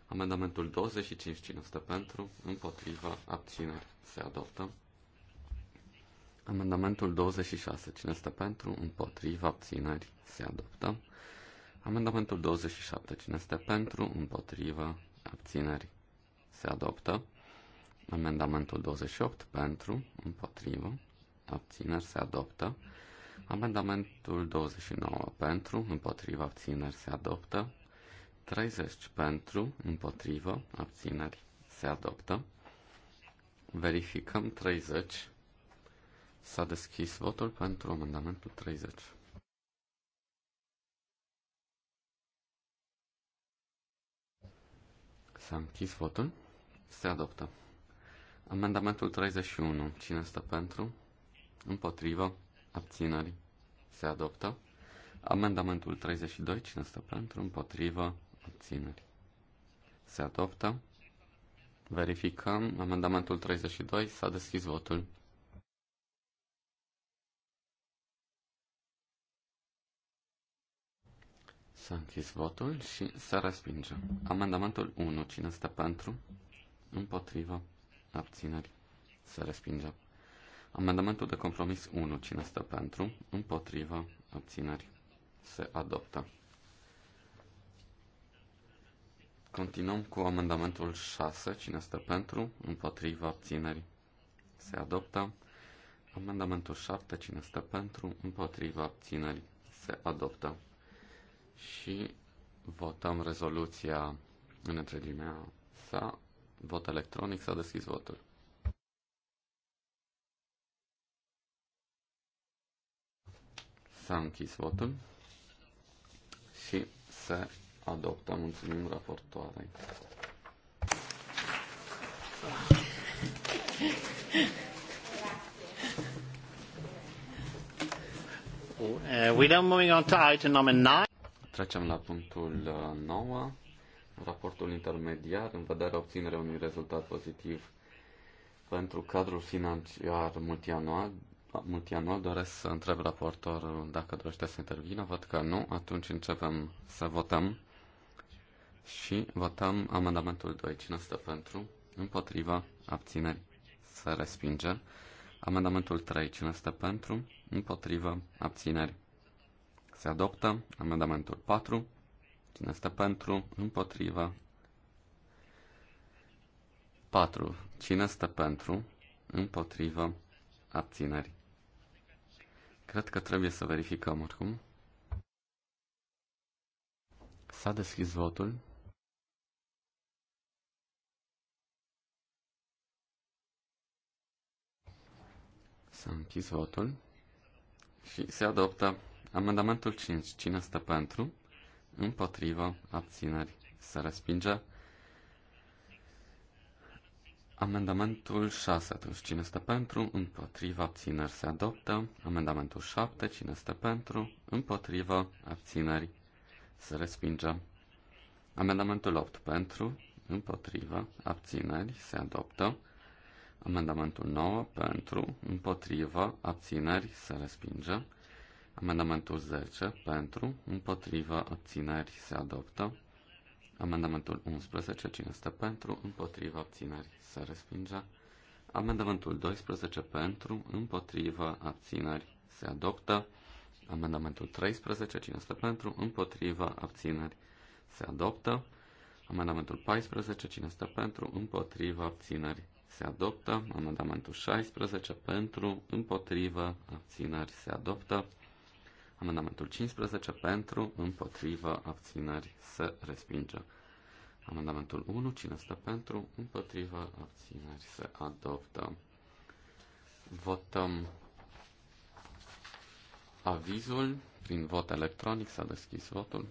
Amendamentul 25, cine stă pentru, împotriva, abțineri, se adoptă. Amendamentul 26, cine stă pentru, împotriva, abțineri, se adoptă. Amendamentul 27, cine stă pentru, împotriva, abțineri, se adoptă. Amendamentul 28 pentru, împotrivă, abțineri se adoptă. Amendamentul 29 pentru, împotrivă, abțineri se adoptă. 30 pentru, împotrivă, abțineri se adoptă. Verificăm 30. S-a deschis votul pentru amendamentul 30. S-a închis votul. Se adoptă. Amendamentul 31. Cine stă pentru? Împotrivă. Abțineri. Se adoptă. Amendamentul 32. Cine stă pentru? Împotrivă. Abțineri. Se adoptă. Verificăm. Amendamentul 32. S-a deschis votul. S-a închis votul și se respinge. Amendamentul 1. Cine stă pentru? Împotrivă abțineri, se respinge. Amendamentul de compromis 1, cine stă pentru, împotrivă, abțineri, se adoptă. Continuăm cu amendamentul 6, cine stă pentru, împotrivă, abțineri, se adoptă. Amendamentul 7, cine stă pentru, Împotrivă. abțineri, se adoptă. Și votăm rezoluția în întregimea sa Vot electronic, s-a deschis votul. S-a închis votul și se adoptă. Mulțumim raportoarei. Uh, we now moving on to item number 9. Trecem la punctul 9 uh, raportul intermediar în vederea obținerea unui rezultat pozitiv pentru cadrul financiar multianual. Multianual doresc să întreb raportorul dacă dorește să intervină. Văd că nu. Atunci începem să votăm și votăm amendamentul 2. Cine stă pentru? Împotriva? Abțineri? Se respinge. Amendamentul 3. Cine stă pentru? Împotriva? Abțineri? Se adoptă. Amendamentul 4. Din asta pentru? Împotriva. 4. Cine stă pentru? Împotriva. abținerii. Cred că trebuie să verificăm oricum. S-a deschis votul. S-a închis votul și se adoptă amendamentul 5. Cine stă pentru? împotriva abținerii. se respinge. Amendamentul 6, atunci cine este pentru, împotriva, abțineri se adoptă. Amendamentul 7, cine este pentru, împotriva, abțineri se respinge. Amendamentul 8, pentru, împotriva, abțineri se adoptă. Amendamentul 9, pentru, împotriva, abțineri se respinge. Amendamentul 10 pentru, împotriva, obțineri se adoptă. Amendamentul 11, cine este pentru, împotriva, obțineri se respinge. Amendamentul 12 pentru, împotriva, abțineri se adoptă. Amendamentul 13, cine este pentru, împotriva, abțineri se adoptă. Amendamentul 14, cine este pentru, împotriva, abțineri se adoptă. Amendamentul 16 pentru, împotriva, abțineri se adoptă. Amendamentul 15 pentru, împotrivă, abțineri, se respinge. Amendamentul 1, cine stă pentru, împotrivă, abțineri, se adoptă. Votăm avizul prin vot electronic, s-a deschis votul.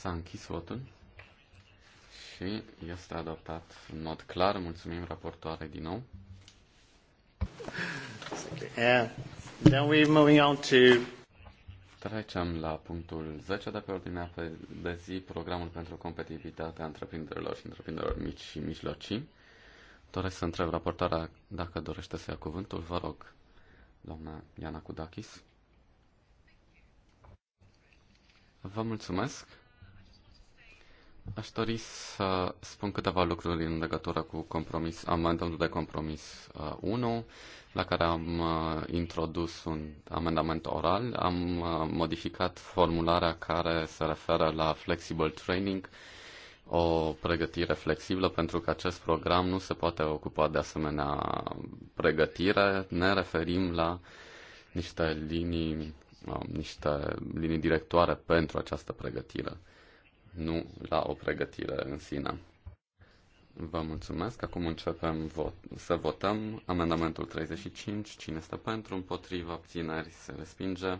S-a închis votul și este adoptat în mod clar. Mulțumim raportoare din nou. Then uh, we moving on to... Trecem la punctul 10 de pe ordinea de zi, programul pentru competitivitatea întreprinderilor și întreprinderilor mici și mijlocii. Doresc să întreb raportarea dacă dorește să ia cuvântul. Vă rog, doamna Iana Kudakis. Vă mulțumesc. Aș dori să spun câteva lucruri în legătură cu compromis, amendamentul de compromis 1, uh, la care am uh, introdus un amendament oral. Am uh, modificat formularea care se referă la flexible training, o pregătire flexibilă, pentru că acest program nu se poate ocupa de asemenea pregătire. Ne referim la niște linii, niște linii directoare pentru această pregătire nu la o pregătire în sine. Vă mulțumesc. Acum începem vot- să votăm amendamentul 35. Cine este pentru, împotriva, abțineri, se respinge.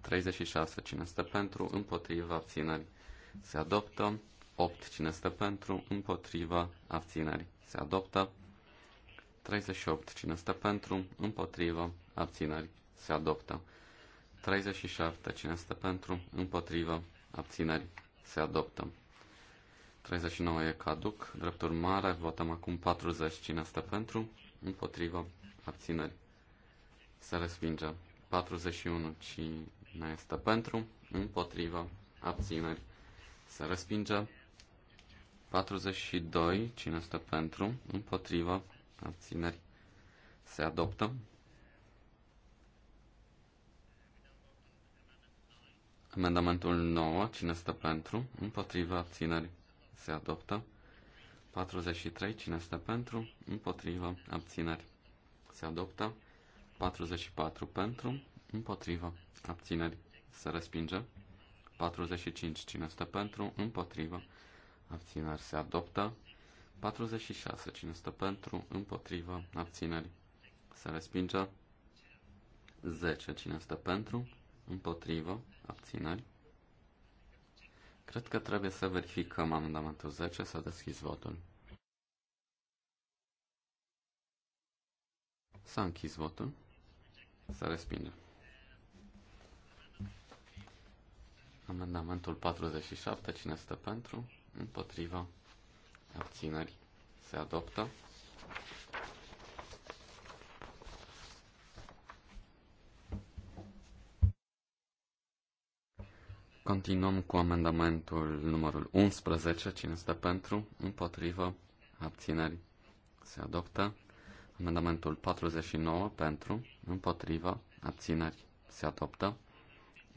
36. Cine este pentru, împotriva, abțineri, se adoptă. 8. Cine este pentru, împotriva, abțineri, se adoptă. 38. Cine este pentru, împotriva, abțineri, se adoptă. 37. Cine este pentru, împotriva, abțineri, se adoptă. 39 e caduc. Drept urmare, votăm acum 40. Cine este pentru? Împotriva. Abțineri. Se respinge. 41. Cine este pentru? Împotriva. Abțineri. Se respinge. 42. Cine este pentru? Împotriva. Abțineri. Se adoptă. Amendamentul 9, cine stă pentru? Împotriva abțineri se adoptă. 43, cine stă pentru? Împotriva abțineri se adoptă. 44 pentru, împotriva abțineri se respinge. 45, cine stă pentru? Împotriva abțineri se adoptă. 46, cine stă pentru? Împotriva abțineri se respinge. 10, cine stă pentru? Împotriva Abțineri. Cred că trebuie să verificăm amendamentul 10, să deschis votul. S-a închis votul. Să respingem. Amendamentul 47, cine stă pentru? Împotriva. Abțineri. Se adoptă. Continuăm cu amendamentul numărul 11. Cine este pentru? Împotrivă? Abțineri? Se adoptă. Amendamentul 49 pentru, împotrivă, abțineri, se adoptă.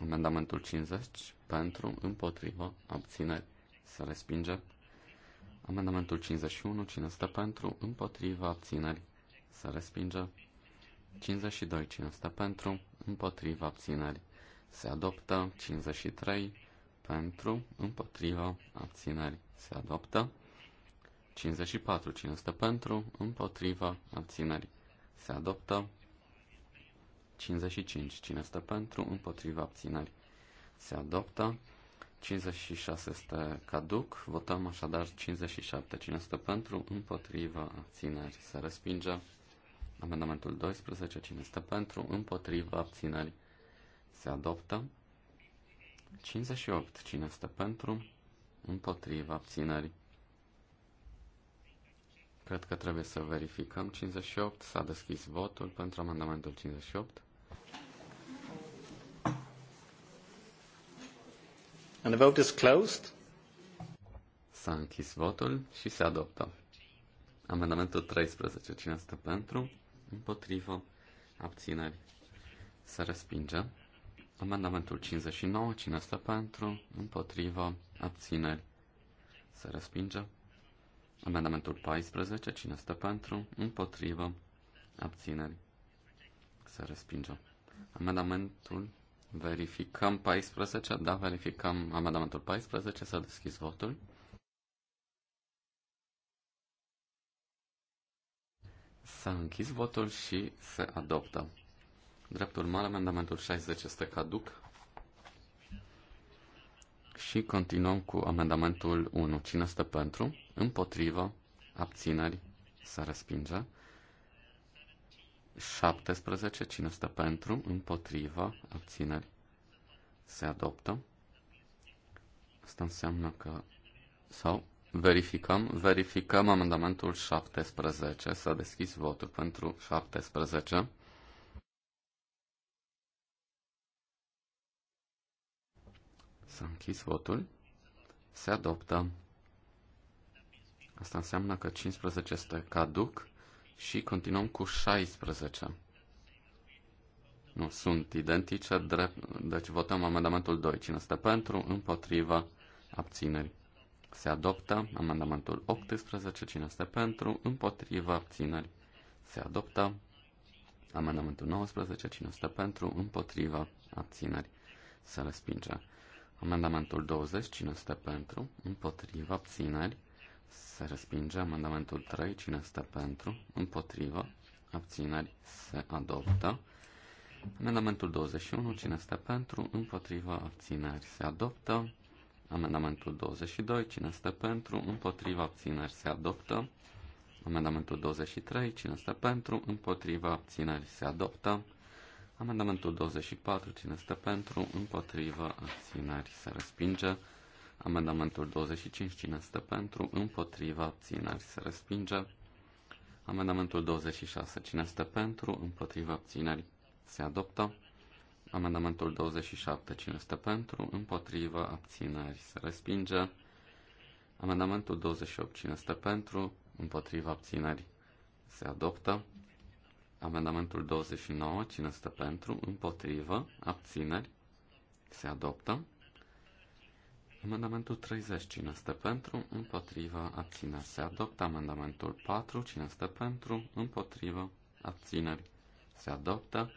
Amendamentul 50 pentru, împotrivă, abțineri, se respinge. Amendamentul 51, cine stă pentru, împotrivă, abțineri, se respinge. 52, cine stă pentru, împotrivă, abțineri, se adoptă, 53 pentru, împotriva, abțineri, se adoptă, 54, 500 pentru, împotriva, abțineri, se adoptă, 55, 500 pentru, împotriva, abțineri, se adoptă, 56 este caduc, votăm așadar 57, 500 pentru, împotriva, abțineri, se respinge, amendamentul 12, 500 pentru, împotriva, abțineri, se adoptă. 58. Cine stă pentru? Împotriva abținerii. Cred că trebuie să verificăm. 58. S-a deschis votul pentru amendamentul 58. And the vote is closed. S-a închis votul și se adoptă. Amendamentul 13. Cine stă pentru? Împotrivă. abținerii. Se respinge. Amendamentul 59, cine stă pentru, Împotrivă? abțineri, se respinge. Amendamentul 14, cine stă pentru, Împotrivă? abțineri, se respinge. Amendamentul, verificăm 14, da, verificăm amendamentul 14, s-a deschis votul. S-a închis votul și se adoptă. Drept urmare, amendamentul 60 este caduc. Și continuăm cu amendamentul 1. Cine este pentru? Împotrivă? Abțineri? Se respinge. 17. Cine este pentru? Împotrivă? Abțineri? Se adoptă. Asta înseamnă că... Sau verificăm, verificăm amendamentul 17. S-a deschis votul pentru 17. S-a închis votul. Se adoptă. Asta înseamnă că 15 este caduc și continuăm cu 16. Nu, sunt identice, drept, deci votăm amendamentul 2. Cine este pentru, împotriva, abțineri. Se adoptă amendamentul 18. Cine este pentru, împotriva, abțineri. Se adoptă amendamentul 19. Cine este pentru, împotriva, abțineri. Se respinge. Amendamentul 20, cine este pentru? Împotrivă, abțineri. Se respinge. Amendamentul 3, cine este pentru? Împotrivă, abțineri. Se adoptă. Amendamentul 21, cine este pentru? Împotrivă, abțineri. Se adoptă. Amendamentul 22, cine este pentru? Împotrivă, abțineri. Se adoptă. Amendamentul 23, cine este pentru? Împotrivă, abțineri. Se adoptă. Amendamentul 24, cine stă pentru, împotrivă, abțineri, se respinge. Amendamentul 25, cine stă pentru, împotrivă, abțineri, se respinge. Amendamentul 26, cine stă pentru, împotrivă, abțineri, se adoptă. Amendamentul 27, cine stă pentru, împotrivă, abțineri, se respinge. Amendamentul 28, cine stă pentru, împotrivă, abțineri, se adoptă. Amendamentul 29, cine stă pentru, împotrivă, abțineri, se adoptă. Amendamentul 30, cine stă pentru, împotrivă, abțineri, se adoptă. Amendamentul 4, cine stă pentru, împotrivă, abțineri, se adoptă.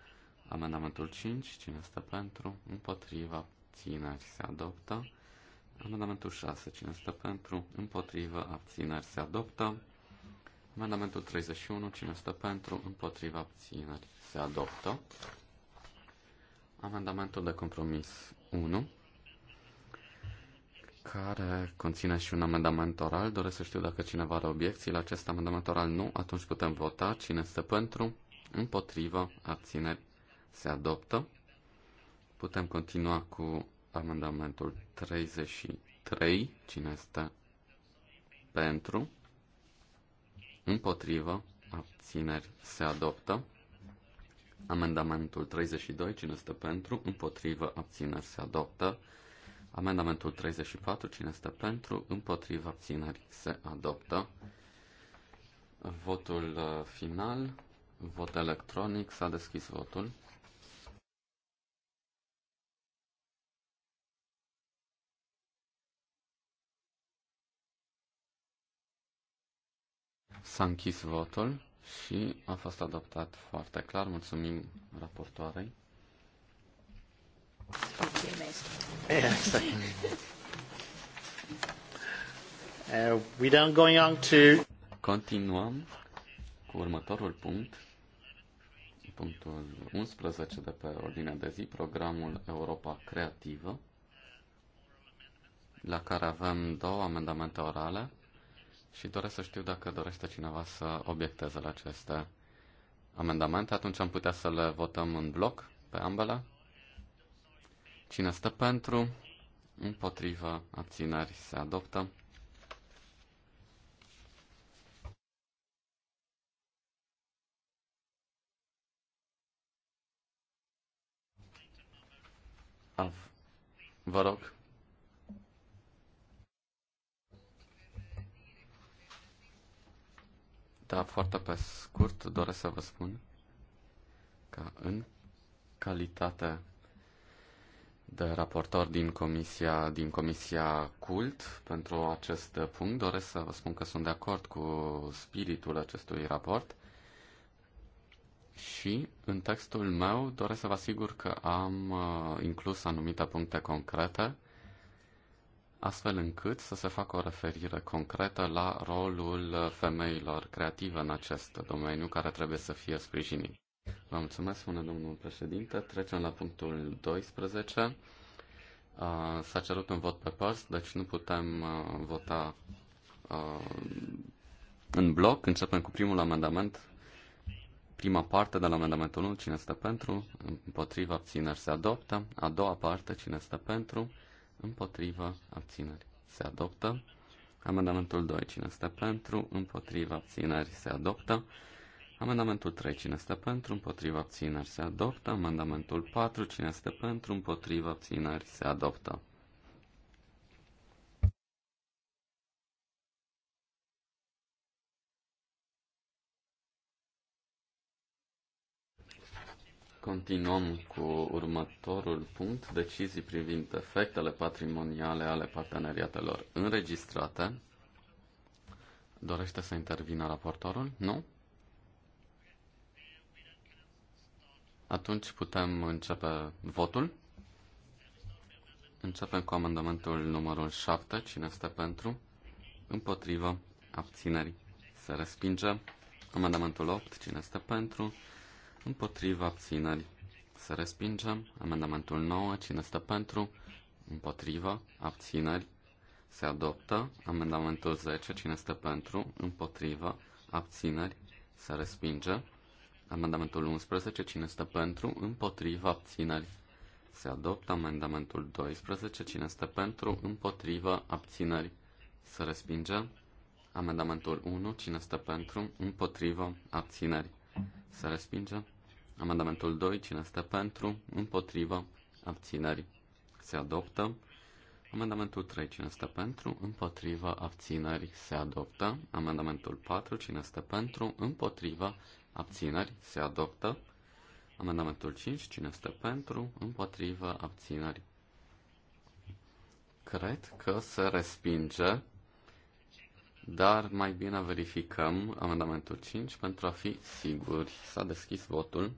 Amendamentul 5, cine stă pentru, împotrivă, abțineri, se adoptă. Amendamentul 6, cine stă pentru, împotrivă, abțineri, se adoptă. Amendamentul 31, cine stă pentru, împotriva abțineri, se adoptă. Amendamentul de compromis 1, care conține și un amendament oral. Doresc să știu dacă cineva are obiecții la acest amendament oral. Nu, atunci putem vota. Cine este pentru? împotriva, Abțineri. Se adoptă. Putem continua cu amendamentul 33. Cine este pentru? împotrivă, abțineri se adoptă. Amendamentul 32, cine este pentru, împotrivă, abțineri se adoptă. Amendamentul 34, cine este pentru, împotrivă, abțineri se adoptă. Votul uh, final, vot electronic, s-a deschis votul. S-a închis votul și a fost adoptat foarte clar. Mulțumim raportoarei. Uh, we don't going on to... Continuăm cu următorul punct, punctul 11 de pe ordinea de zi, programul Europa Creativă, la care avem două amendamente orale și doresc să știu dacă dorește cineva să obiecteze la aceste amendamente. Atunci am putea să le votăm în bloc pe ambele. Cine stă pentru, împotrivă, abțineri, se adoptă. Vă rog. Da, foarte pe scurt doresc să vă spun că în calitate de raportor din comisia, din comisia CULT pentru acest punct. Doresc să vă spun că sunt de acord cu spiritul acestui raport și în textul meu doresc să vă asigur că am uh, inclus anumite puncte concrete astfel încât să se facă o referire concretă la rolul femeilor creative în acest domeniu care trebuie să fie sprijinit. Vă mulțumesc, spune domnul președinte. Trecem la punctul 12. Uh, s-a cerut un vot pe post, deci nu putem uh, vota uh, în bloc. Începem cu primul amendament, prima parte de la amendamentul 1, cine este pentru, împotriva abțineri se adoptă, a doua parte, cine este pentru, împotriva, abțineri, se adoptă. Amendamentul 2, cine este pentru, împotriva, abțineri, se adoptă. Amendamentul 3, cine este pentru, împotriva, abțineri, se adoptă. Amendamentul 4, cine este pentru, împotriva, abțineri, se adoptă. Continuăm cu următorul punct, decizii privind efectele patrimoniale ale parteneriatelor înregistrate. Dorește să intervină raportorul? Nu? Atunci putem începe votul. Începem cu amendamentul numărul 7. Cine este pentru? Împotrivă. Abținerii. Se respinge. Amendamentul 8. Cine este pentru? împotriva abțineri. Să respingem amendamentul 9, cine stă pentru, împotriva, abțineri, se adoptă amendamentul 10, cine stă pentru, împotriva, abțineri, se respinge. Amendamentul 11, cine stă pentru, împotriva, abțineri, se adoptă. Amendamentul 12, cine stă pentru, împotriva, abținerii. se respinge. Amendamentul 1, cine stă pentru, împotriva, abținerii să respinge. Amendamentul 2, cine este pentru, împotriva, abțineri, se adoptă. Amendamentul 3, cine este pentru, împotriva, abțineri, se adoptă. Amendamentul 4, cine este pentru, împotriva, abțineri, se adoptă. Amendamentul 5, cine este pentru, împotriva, abțineri. Cred că se respinge dar mai bine verificăm amendamentul 5 pentru a fi siguri. S-a deschis votul.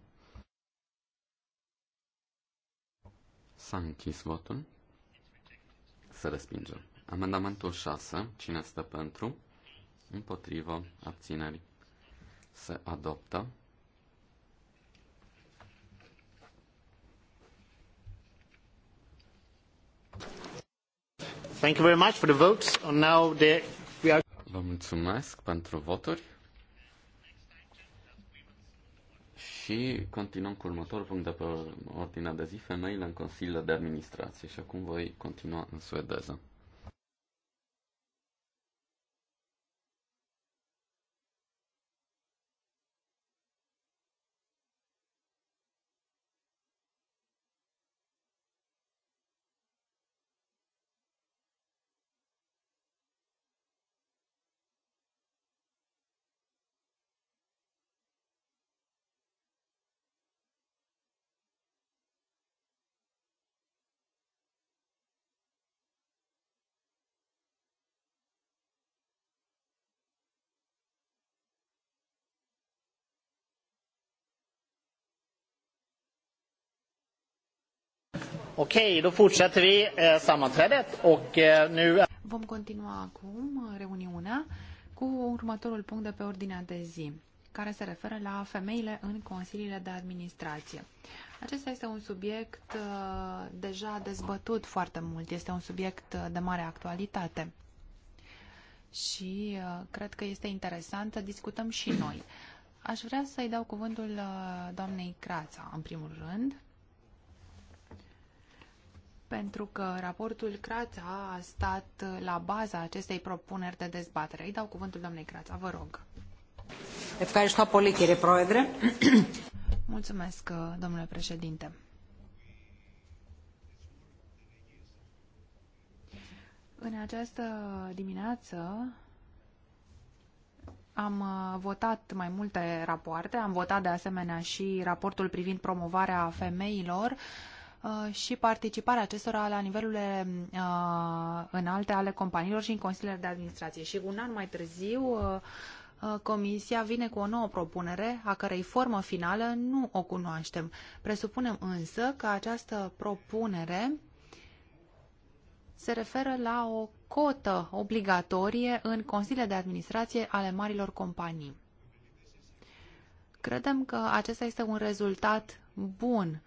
S-a închis votul. să respingem Amendamentul 6. Cine este pentru? Împotrivă. Abținerii. Se adoptă. Thank you very much for the votes. Now the Vă mulțumesc pentru voturi. Și continuăm cu următorul punct de pe ordinea de zi, femeile în Consiliul de Administrație. Și acum voi continua în suedeză. då fortsätter vi eh, sammanträdet och eh, nu... Vom continua acum eh, reuniunea cu următorul punct de pe ordinea de zi, care se referă la femeile în consiliile de administrație. Acesta este un subiect deja dezbătut foarte mult, este un subiect de mare actualitate. Și cred că este interesant să discutăm și noi. Aș vrea să-i dau cuvântul doamnei Crața, în primul rând, pentru că raportul Crața a stat la baza acestei propuneri de dezbatere. Îi dau cuvântul doamnei Crața, vă rog. Mulțumesc, domnule președinte. În această dimineață am votat mai multe rapoarte, am votat de asemenea și raportul privind promovarea femeilor, Uh, și participarea acestora la nivelurile uh, înalte ale companiilor și în consiliile de administrație. Și un an mai târziu, uh, Comisia vine cu o nouă propunere, a cărei formă finală nu o cunoaștem. Presupunem însă că această propunere se referă la o cotă obligatorie în consiliile de administrație ale marilor companii. Credem că acesta este un rezultat bun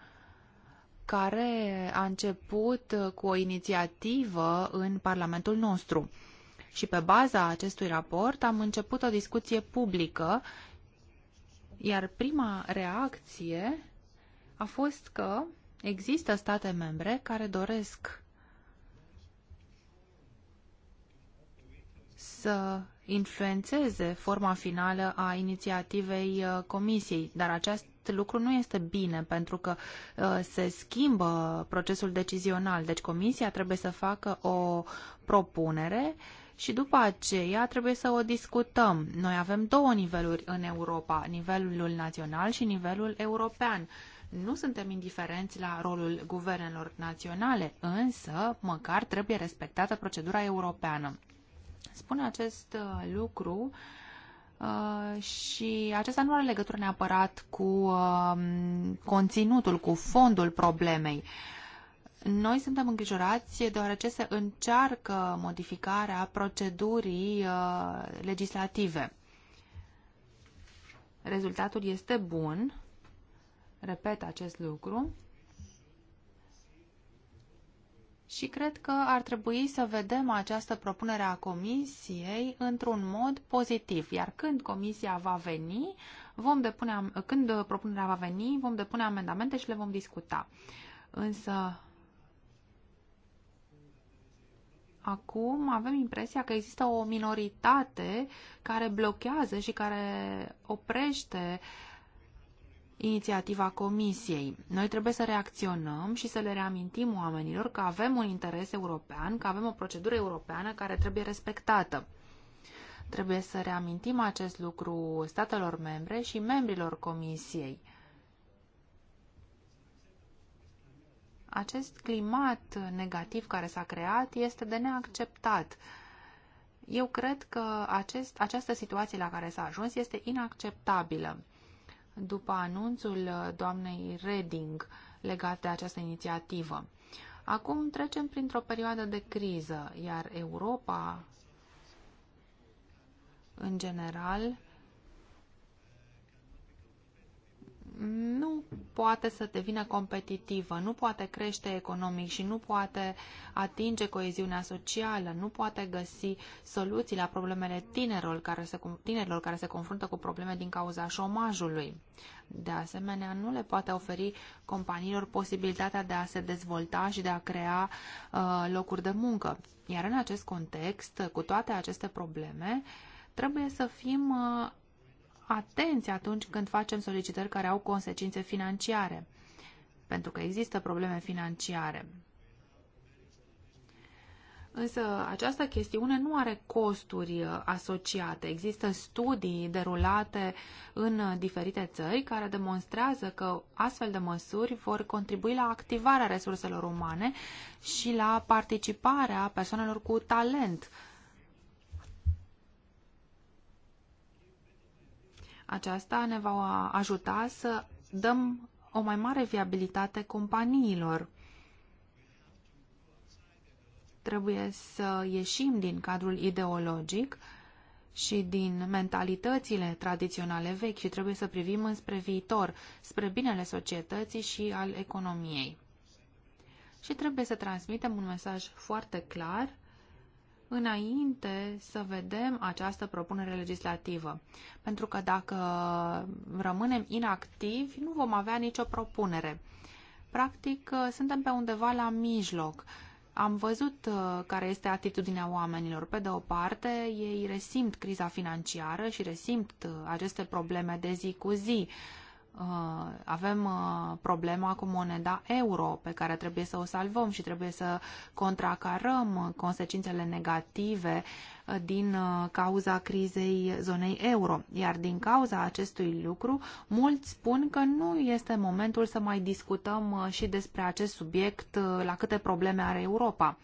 care a început cu o inițiativă în Parlamentul nostru. Și pe baza acestui raport am început o discuție publică, iar prima reacție a fost că există state membre care doresc să influențeze forma finală a inițiativei uh, Comisiei, dar acest lucru nu este bine pentru că uh, se schimbă procesul decizional. Deci Comisia trebuie să facă o propunere și după aceea trebuie să o discutăm. Noi avem două niveluri în Europa, nivelul național și nivelul european. Nu suntem indiferenți la rolul guvernelor naționale, însă măcar trebuie respectată procedura europeană. Spun acest uh, lucru uh, și acesta nu are legătură neapărat cu um, conținutul, cu fondul problemei. Noi suntem îngrijorați deoarece se încearcă modificarea procedurii uh, legislative. Rezultatul este bun, repet acest lucru, și cred că ar trebui să vedem această propunere a Comisiei într-un mod pozitiv. Iar când Comisia va veni, vom depune, când propunerea va veni, vom depune amendamente și le vom discuta. Însă acum avem impresia că există o minoritate care blochează și care oprește uh, inițiativa Comisiei. Noi trebuie să reacționăm și să le reamintim oamenilor că avem un interes european, că avem o procedură europeană care trebuie respectată. Trebuie să reamintim acest lucru statelor membre și membrilor Comisiei. Acest climat negativ care s-a creat este de neacceptat. Eu cred că acest, această situație la care s-a ajuns este inacceptabilă după anunțul uh, doamnei Reding legat de această inițiativă. Acum trecem printr-o perioadă de criză, iar Europa, în general, nu poate să devină competitivă, nu poate crește economic și nu poate atinge coeziunea socială, nu poate găsi soluții la problemele tinerilor care se, tinerilor care se confruntă cu probleme din cauza șomajului. De asemenea, nu le poate oferi companiilor posibilitatea de a se dezvolta și de a crea uh, locuri de muncă. Iar în acest context, cu toate aceste probleme, trebuie să fim uh, atenți atunci când facem solicitări care au consecințe financiare, pentru că există probleme financiare. Însă această chestiune nu are costuri uh, asociate. Există studii derulate în uh, diferite țări care demonstrează că astfel de măsuri vor contribui la activarea resurselor umane și la participarea persoanelor cu talent Aceasta ne va ajuta să dăm o mai mare viabilitate companiilor. Trebuie să ieșim din cadrul ideologic și din mentalitățile tradiționale vechi și trebuie să privim înspre viitor, spre binele societății și al economiei. Și trebuie să transmitem un mesaj foarte clar înainte să vedem această propunere legislativă. Pentru că dacă rămânem inactivi, nu vom avea nicio propunere. Practic, suntem pe undeva la mijloc. Am văzut uh, care este atitudinea oamenilor. Pe de o parte, ei resimt criza financiară și resimt uh, aceste probleme de zi cu zi. Uh, avem uh, problema cu moneda euro pe care trebuie să o salvăm și trebuie să contracarăm uh, consecințele negative din cauza crizei zonei euro. Iar din cauza acestui lucru, mulți spun că nu este momentul să mai discutăm și despre acest subiect la câte probleme are Europa.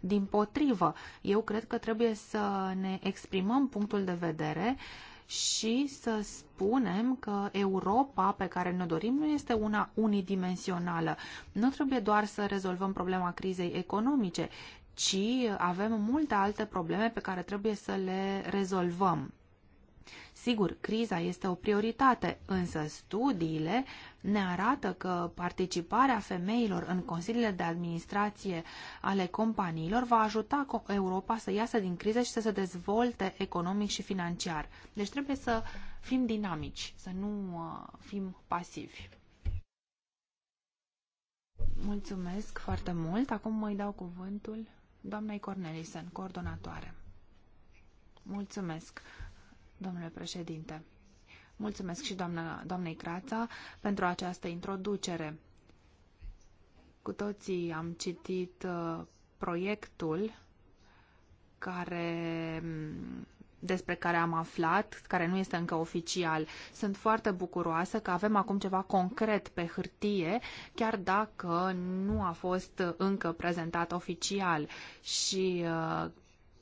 Din potrivă, eu cred că trebuie să ne exprimăm punctul de vedere uh, și să spunem că Europa pe care ne dorim nu este una unidimensională. Nu trebuie doar să rezolvăm problema crizei economice, ci avem multe alte probleme pe care trebuie să le rezolvăm. Sigur, criza este o prioritate, însă studiile ne arată că participarea femeilor în consiliile de administrație ale companiilor va ajuta Europa să iasă din criză și să se dezvolte economic și financiar. Deci trebuie să fim dinamici, să nu uh, fim pasivi. Mulțumesc foarte mult. Acum mai dau cuvântul doamnei Cornelisen, coordonatoare. Mulțumesc, domnule președinte. Mulțumesc și doamna, doamnei Crața pentru această introducere. Cu toții am citit uh, proiectul care mm, despre care am aflat, care nu este încă oficial. Sunt foarte bucuroasă că avem acum ceva concret pe hârtie, chiar dacă nu a fost încă prezentat oficial și uh,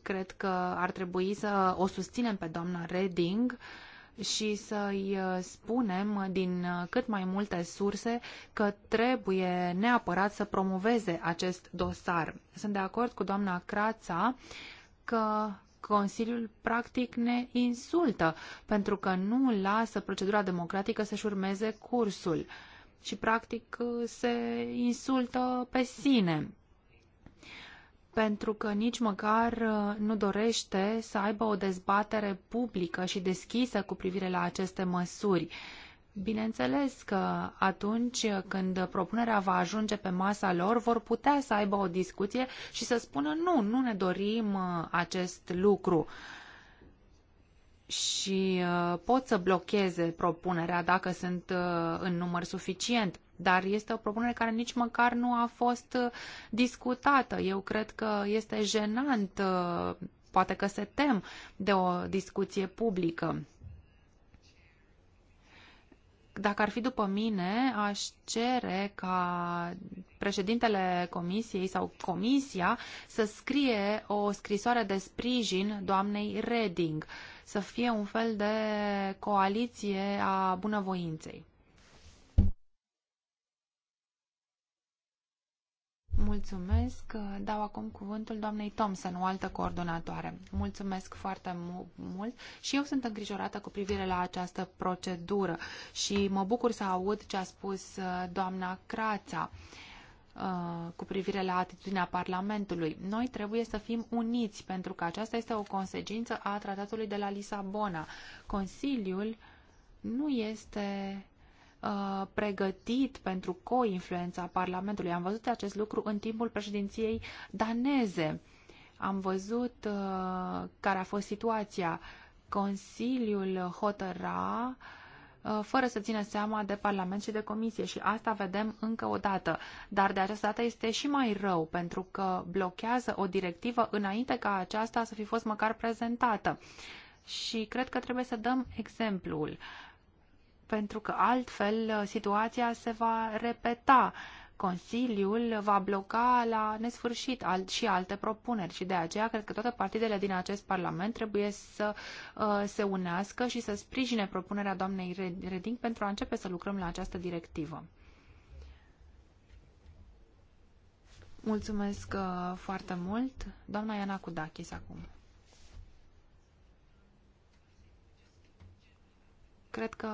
cred că ar trebui să o susținem pe doamna Reding uh, și să-i uh, spunem din uh, cât mai multe surse că trebuie neapărat să promoveze acest dosar. Sunt de acord cu doamna Crața că Consiliul practic ne insultă pentru că nu lasă procedura democratică să-și urmeze cursul și practic se insultă pe sine pentru că nici măcar uh, nu dorește să aibă o dezbatere publică și deschisă cu privire la aceste măsuri. Bineînțeles că atunci când propunerea va ajunge pe masa lor, vor putea să aibă o discuție și să spună nu, nu ne dorim uh, acest lucru și uh, pot să blocheze propunerea dacă sunt uh, în număr suficient. Dar este o propunere care nici măcar nu a fost uh, discutată. Eu cred că este jenant, poate că se tem de o discuție publică. Dacă ar fi după mine, aș cere ca președintele comisiei sau comisia să scrie o scrisoare de sprijin doamnei Reding. Uh, să fie un fel de coaliție a bunăvoinței. Mulțumesc. Dau acum cuvântul doamnei Thompson, o altă coordonatoare. Mulțumesc foarte mult și eu sunt îngrijorată cu privire la această procedură și mă bucur să aud ce a spus uh, doamna Crața. Uh, Uh, cu privire la atitudinea Parlamentului. Noi trebuie să fim uniți, pentru că aceasta este o consecință a tratatului de la Lisabona. Consiliul nu este uh, pregătit pentru co-influența Parlamentului. Am văzut acest lucru în timpul președinției daneze. Am văzut uh, care a fost situația. Consiliul hotăra uh, Uh, fără să țină seama de Parlament și de Comisie și asta vedem încă o dată. Dar de această dată este și mai rău pentru că blochează o directivă înainte ca aceasta să fi fost măcar prezentată. Și cred că trebuie să dăm exemplul pentru că altfel uh, situația se va repeta Consiliul va bloca la nesfârșit alt, și alte propuneri și de aceea cred că toate partidele din acest Parlament trebuie să uh, se unească și să sprijine propunerea doamnei Reding pentru a începe să lucrăm la această directivă. Mulțumesc uh, foarte mult. Doamna Iana Cudachis acum. cred că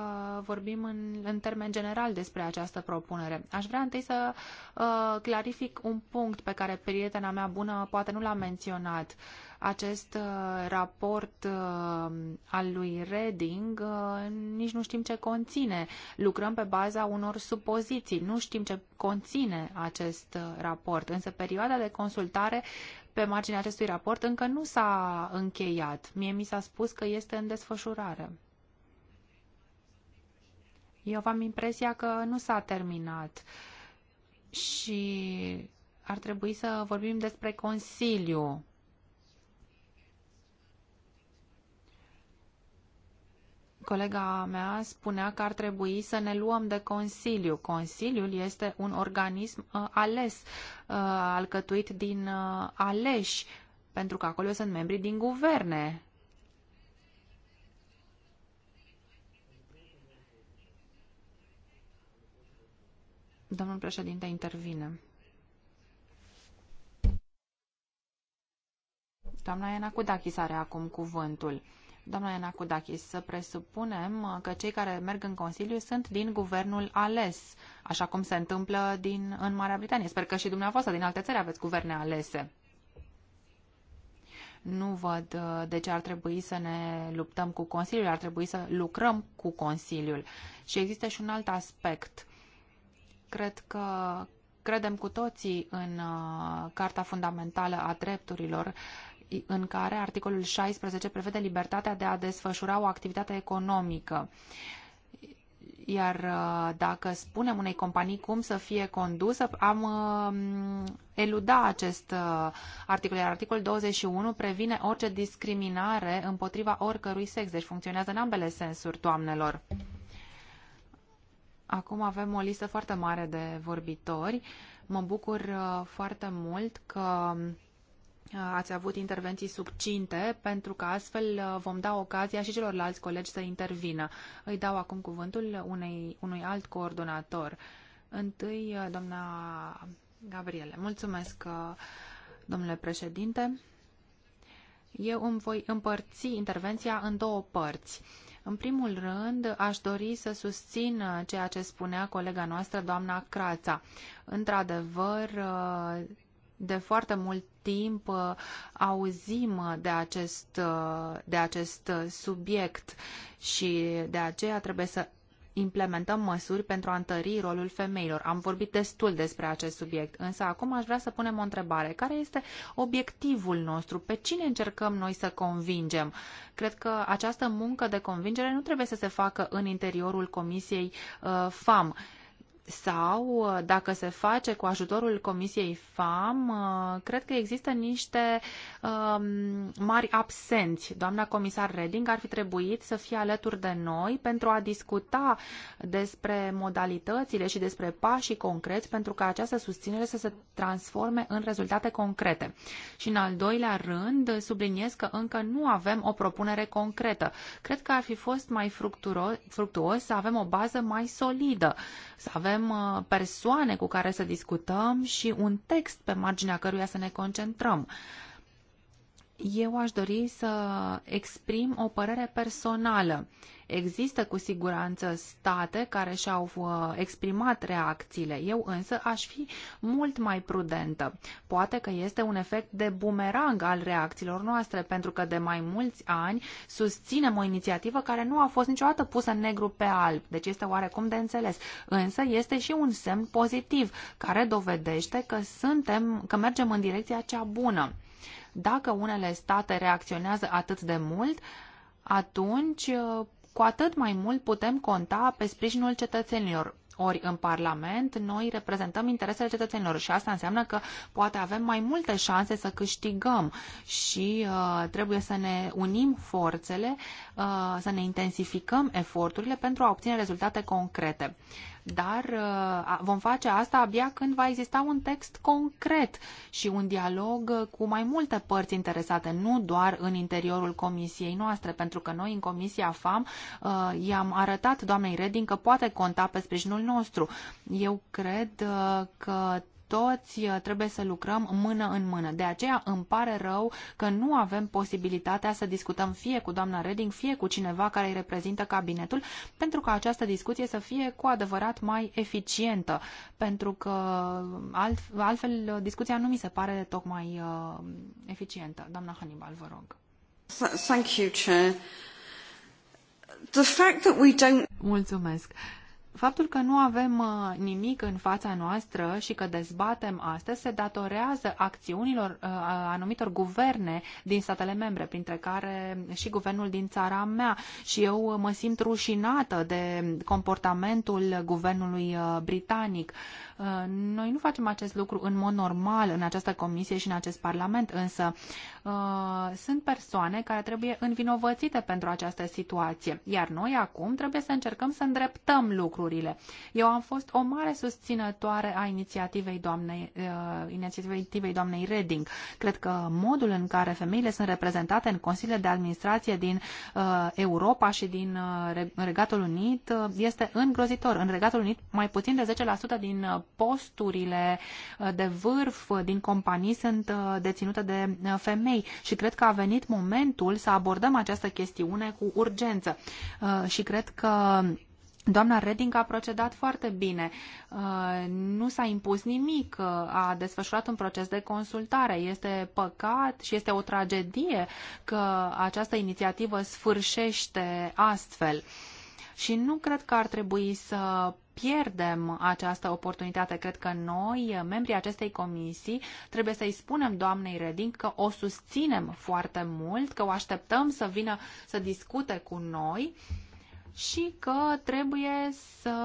vorbim în, în termen general despre această propunere. Aș vrea întâi să uh, clarific un punct pe care prietena mea bună poate nu l-a menționat. Acest uh, raport uh, al lui Reding uh, nici nu știm ce conține. Lucrăm pe baza unor supoziții. Nu știm ce conține acest uh, raport. Însă perioada de consultare pe marginea acestui raport încă nu s-a încheiat. Mie mi s-a spus că este în desfășurare. Eu am impresia că nu s-a terminat și ar trebui să vorbim despre Consiliu. Colega mea spunea că ar trebui să ne luăm de Consiliu. Consiliul este un organism uh, ales, uh, alcătuit din uh, aleși, pentru că acolo sunt membrii din guverne Domnul președinte intervine. Doamna Ianacudachis are acum cuvântul. Doamna Ianacudachis, să presupunem că cei care merg în Consiliu sunt din guvernul ales, așa cum se întâmplă din, în Marea Britanie. Sper că și dumneavoastră din alte țări aveți guverne alese. Nu văd uh, de ce ar trebui să ne luptăm cu Consiliul, ar trebui să lucrăm cu Consiliul. Și există și un alt aspect Cred că credem cu toții în uh, Carta Fundamentală a Drepturilor, în care articolul 16 prevede libertatea de a desfășura o activitate economică. Iar uh, dacă spunem unei companii cum să fie condusă, am um, eluda acest uh, articol. Iar articolul 21 previne orice discriminare împotriva oricărui sex, deci funcționează în ambele sensuri, doamnelor. Acum avem o listă foarte mare de vorbitori. Mă bucur uh, foarte mult că uh, ați avut intervenții subcinte, pentru că astfel uh, vom da ocazia și celorlalți colegi să intervină. Îi dau acum cuvântul unei, unui alt coordonator. Întâi, doamna Gabriele. Mulțumesc, domnule președinte. Eu îmi voi împărți intervenția în două părți. În primul rând, aș dori să susțin uh, ceea ce spunea colega noastră, doamna Crața. Într-adevăr, uh, de foarte mult timp uh, auzim de acest, de acest subiect și de aceea trebuie să implementăm măsuri pentru a întări rolul femeilor. Am vorbit destul despre acest subiect, însă acum aș vrea să punem o întrebare. Care este obiectivul nostru? Pe cine încercăm noi să convingem? Cred că această muncă de convingere nu trebuie să se facă în interiorul Comisiei FAM. Uh, sau uh, dacă se face cu ajutorul Comisiei FAM, uh, cred că există niște um, mari absenți. Doamna comisar Reding ar fi trebuit să fie alături de noi pentru a discuta despre modalitățile și despre pașii concreți pentru ca această susținere să se transforme în rezultate concrete. Și în al doilea rând, subliniez că încă nu avem o propunere concretă. Cred că ar fi fost mai fructuos să avem o bază mai solidă, să avem avem uh, persoane cu care să discutăm și un text pe marginea căruia să ne concentrăm. Eu aș dori să exprim o părere personală Există cu siguranță state care și-au uh, exprimat reacțiile. Eu însă aș fi mult mai prudentă. Poate că este un efect de bumerang al reacțiilor noastre, pentru că de mai mulți ani susținem o inițiativă care nu a fost niciodată pusă în negru pe alb, deci este oarecum de înțeles. Însă este și un semn pozitiv care dovedește că suntem, că mergem în direcția cea bună. Dacă unele state reacționează atât de mult, atunci uh, cu atât mai mult putem conta pe sprijinul cetățenilor. Ori în Parlament noi reprezentăm interesele cetățenilor și asta înseamnă că poate avem mai multe șanse să câștigăm și uh, trebuie să ne unim forțele, uh, să ne intensificăm eforturile pentru a obține rezultate concrete dar uh, vom face asta abia când va exista un text concret și un dialog uh, cu mai multe părți interesate, nu doar în interiorul comisiei noastre, pentru că noi în comisia FAM uh, i-am arătat doamnei Reding că poate conta pe sprijinul nostru. Eu cred că toți uh, trebuie să lucrăm mână în mână. De aceea îmi pare rău că nu avem posibilitatea să discutăm fie cu doamna Reding, fie cu cineva care îi reprezintă cabinetul, pentru ca această discuție să fie cu adevărat mai eficientă, pentru că alt, altfel discuția nu mi se pare tocmai uh, eficientă. Doamna Hannibal, vă rog. Thank you, Chair. The fact that we don't... Mulțumesc. Faptul că nu avem uh, nimic în fața noastră și că dezbatem astăzi se datorează acțiunilor uh, anumitor guverne din statele membre, printre care și guvernul din țara mea. Și eu uh, mă simt rușinată de comportamentul guvernului britanic. Uh, noi nu facem acest lucru în mod normal în această comisie și în acest parlament, însă uh, sunt persoane care trebuie învinovățite pentru această situație, iar noi acum trebuie să încercăm să îndreptăm lucrurile. Eu am fost o mare susținătoare a inițiativei doamnei, uh, inițiativei doamnei Reding. Cred că modul în care femeile sunt reprezentate în consiliile de administrație din Europa și din Regatul Unit este îngrozitor. În Regatul Unit mai puțin de 10% din posturile uh, de vârf din companii sunt uh, deținute de uh, femei și cred că a venit momentul să abordăm această chestiune cu urgență și cred că Doamna Reding a procedat foarte bine. Nu s-a impus nimic, a desfășurat un proces de consultare. Este păcat și este o tragedie că această inițiativă sfârșește astfel. Și nu cred că ar trebui să pierdem această oportunitate. Cred că noi, membrii acestei comisii, trebuie să-i spunem doamnei Reding că o susținem foarte mult, că o așteptăm să vină să discute cu noi și că trebuie să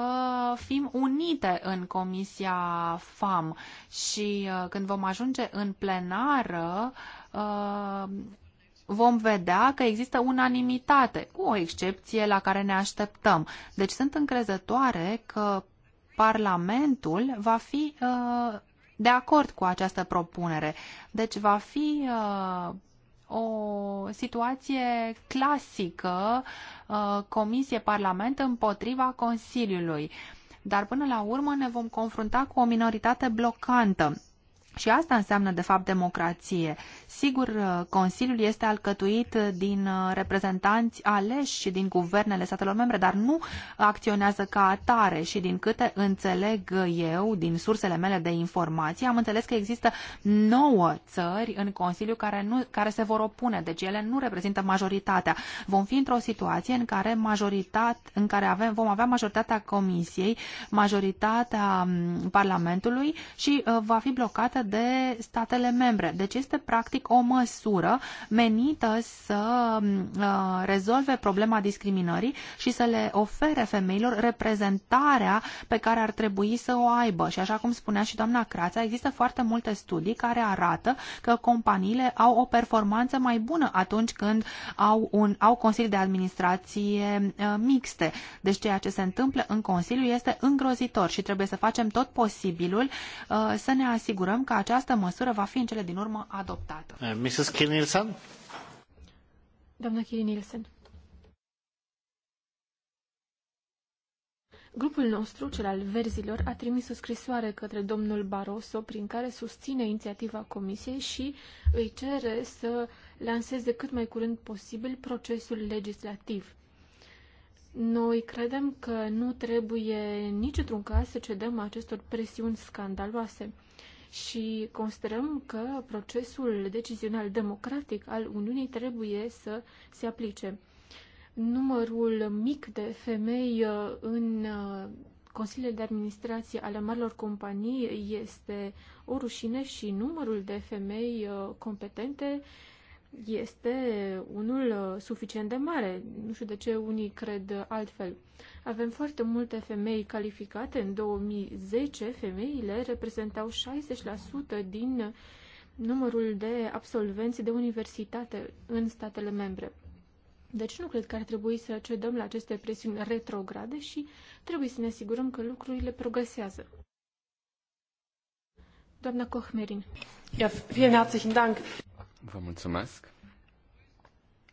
fim unite în Comisia FAM și uh, când vom ajunge în plenară, uh, vom vedea că există unanimitate, cu o excepție la care ne așteptăm. Deci sunt încrezătoare că Parlamentul va fi uh, de acord cu această propunere. Deci va fi uh, o situație clasică, uh, Comisie-Parlament împotriva Consiliului. Dar până la urmă ne vom confrunta cu o minoritate blocantă și asta înseamnă, de fapt, democrație. Sigur, uh, Consiliul este alcătuit din uh, reprezentanți aleși și din guvernele statelor membre, dar nu acționează ca atare și din câte înțeleg eu, din sursele mele de informații, am înțeles că există nouă țări în Consiliu care, nu, care se vor opune, deci ele nu reprezintă majoritatea. Vom fi într-o situație în care, majoritat, în care avem, vom avea majoritatea Comisiei, majoritatea mm, Parlamentului și uh, va fi blocată de statele membre. Deci este practic o măsură menită să mm, ă, rezolve problema discriminării și să le ofere femeilor reprezentarea pe care ar trebui să o aibă. Și așa cum spunea și doamna Crața, există foarte multe studii care arată că companiile au o performanță mai bună atunci când au, un, au consilii de administrație ă, mixte. Deci ceea ce se întâmplă în Consiliu este îngrozitor și trebuie să facem tot posibilul ă, să ne asigurăm că această măsură va fi în cele din urmă adoptată. Eh, Mrs. kill Doamna Grupul nostru, cel al verzilor, a trimis o scrisoare către domnul Barroso prin care susține inițiativa Comisiei și îi cere să lanseze cât mai curând posibil procesul legislativ. Noi credem că nu trebuie nici într-un caz să cedăm acestor presiuni scandaloase și considerăm că procesul decizional democratic al Uniunii trebuie să se aplice. Numărul mic de femei uh, în uh, consiliile de administrație ale marilor companii este o rușine și numărul de femei uh, competente este unul uh, suficient de mare. Nu știu de ce unii cred altfel. Avem foarte multe femei calificate. În 2010, femeile reprezentau 60% din numărul de absolvenți de universitate în statele membre. Deci nu cred că ar trebui să cedăm la aceste presiuni retrograde și trebuie să ne asigurăm că lucrurile progresează. Doamna Kochmerin. Ja, vielen herzlichen Dank. Vă mulțumesc.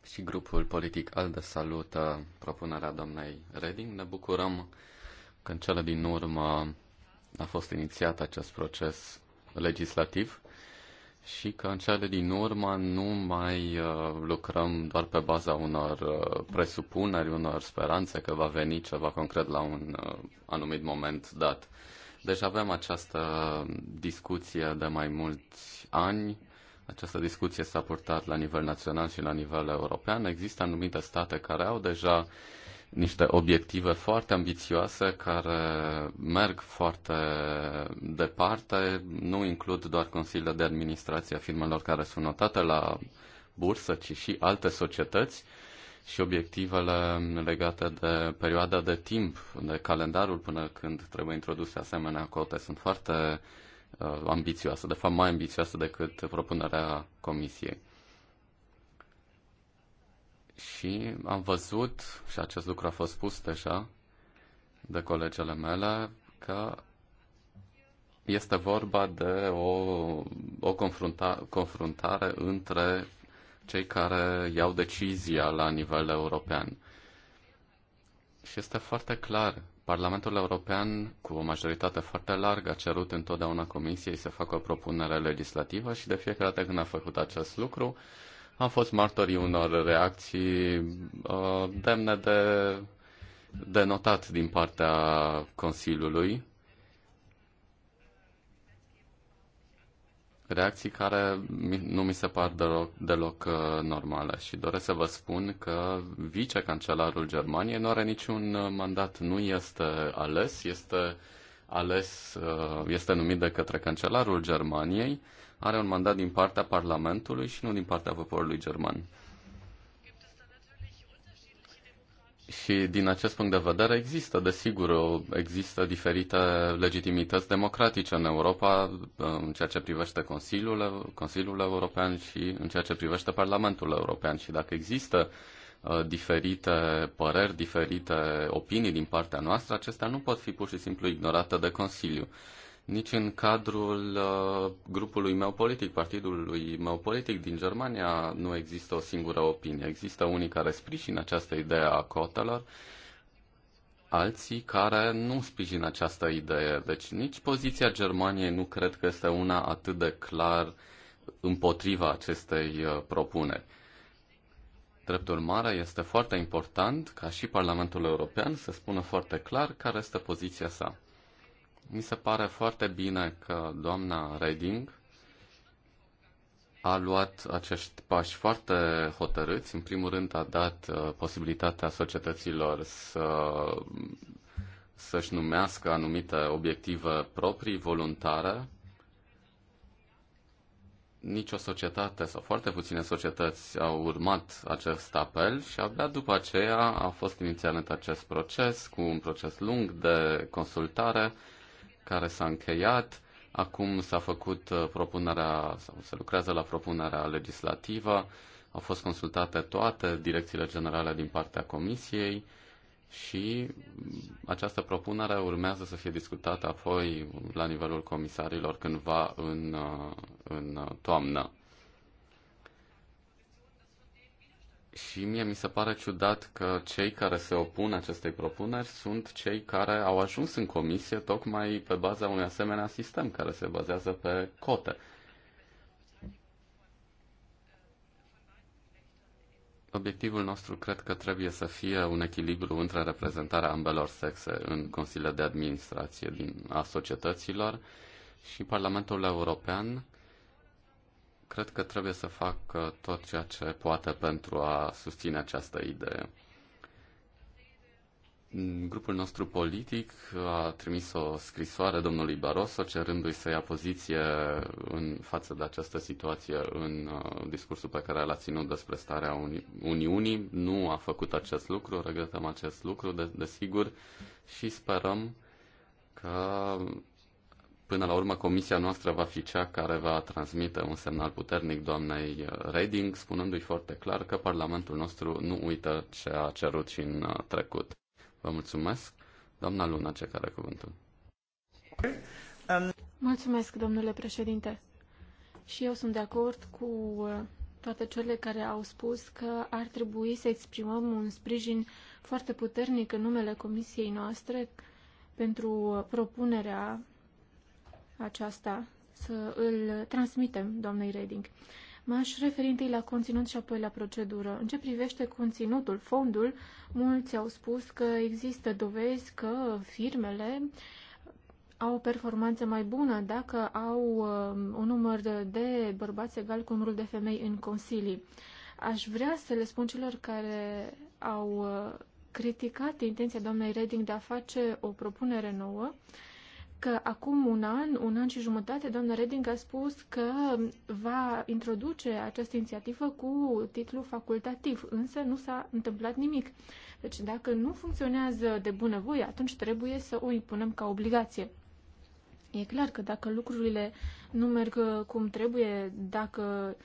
Și grupul politic ALDE salută propunerea doamnei Reding. Ne bucurăm că în cele din urmă a fost inițiat acest proces legislativ și că în cele din urmă nu mai uh, lucrăm doar pe baza unor uh, presupuneri, unor speranțe că va veni ceva concret la un uh, anumit moment dat. Deci avem această discuție de mai mulți ani această discuție s-a purtat la nivel național și la nivel european. Există anumite state care au deja niște obiective foarte ambițioase care merg foarte departe, nu includ doar consiliile de administrație a firmelor care sunt notate la bursă, ci și alte societăți și obiectivele legate de perioada de timp, de calendarul până când trebuie introduse asemenea cote sunt foarte Uh, ambițioasă, de fapt mai ambițioasă decât propunerea Comisiei. Și am văzut, și acest lucru a fost spus deja de colegele mele, că este vorba de o, o confrunta, confruntare între cei care iau decizia la nivel european. Și este foarte clar Parlamentul European, cu o majoritate foarte largă, a cerut întotdeauna Comisiei să facă o propunere legislativă și de fiecare dată când a făcut acest lucru, am fost martorii unor reacții uh, demne de denotat din partea Consiliului, reacții care nu mi se par deloc, deloc uh, normale și doresc să vă spun că vicecancelarul Germaniei nu are niciun uh, mandat, nu este ales, este ales, uh, este numit de către cancelarul Germaniei, are un mandat din partea Parlamentului și nu din partea poporului german. Și din acest punct de vedere există, desigur, există diferite legitimități democratice în Europa în ceea ce privește Consiliul, Consiliul European și în ceea ce privește Parlamentul European. Și dacă există uh, diferite păreri, diferite opinii din partea noastră, acestea nu pot fi pur și simplu ignorate de Consiliu nici în cadrul uh, grupului meu politic, partidului meu politic din Germania, nu există o singură opinie. Există unii care sprijină această idee a cotelor, alții care nu sprijină această idee. Deci nici poziția Germaniei nu cred că este una atât de clar împotriva acestei uh, propuneri. Drept urmare, este foarte important ca și Parlamentul European să spună foarte clar care este poziția sa. Mi se pare foarte bine că doamna Reding a luat acești pași foarte hotărâți. În primul rând a dat uh, posibilitatea societăților să să-și numească anumite obiective proprii, voluntare. Nici o societate sau foarte puține societăți au urmat acest apel și abia după aceea a fost inițiat acest proces cu un proces lung de consultare care s-a încheiat. Acum s-a făcut uh, propunerea, sau se lucrează la propunerea legislativă. Au fost consultate toate direcțiile generale din partea Comisiei și mm, această propunere urmează să fie discutată apoi la nivelul comisarilor cândva în, uh, în toamnă. Și mie mi se pare ciudat că cei care se opun acestei propuneri sunt cei care au ajuns în comisie tocmai pe baza unui asemenea sistem care se bazează pe cote. Obiectivul nostru cred că trebuie să fie un echilibru între reprezentarea ambelor sexe în consiliul de administrație din, a societăților și Parlamentul European Cred că trebuie să fac uh, tot ceea ce poate pentru a susține această idee. Grupul nostru politic a trimis o scrisoare domnului Barroso cerându-i să ia poziție în față de această situație în uh, discursul pe care l-a ținut despre starea Uni- Uniunii. Nu a făcut acest lucru, regretăm acest lucru, de- și sperăm că Până la urmă, comisia noastră va fi cea care va transmite un semnal puternic doamnei Reding, spunându-i foarte clar că Parlamentul nostru nu uită ce a cerut și în uh, trecut. Vă mulțumesc. Doamna Luna, ce care cuvântul. Mulțumesc, domnule președinte. Și eu sunt de acord cu uh, toate cele care au spus că ar trebui să exprimăm un sprijin foarte puternic în numele comisiei noastre pentru uh, propunerea aceasta, să îl transmitem doamnei Reding. M-aș referi întâi la conținut și apoi la procedură. În ce privește conținutul, fondul, mulți au spus că există dovezi că firmele au o performanță mai bună dacă au um, un număr de bărbați egal cu numărul de femei în consilii. Aș vrea să le spun celor care au uh, criticat intenția doamnei Reding de a face o propunere nouă, uh, că acum un an, un an și jumătate, doamna Reding a spus că va introduce această inițiativă cu titlu facultativ, însă nu s-a întâmplat nimic. Deci dacă nu funcționează de bunăvoie, atunci trebuie să o impunem ca obligație. E clar că dacă lucrurile nu merg uh, cum trebuie, dacă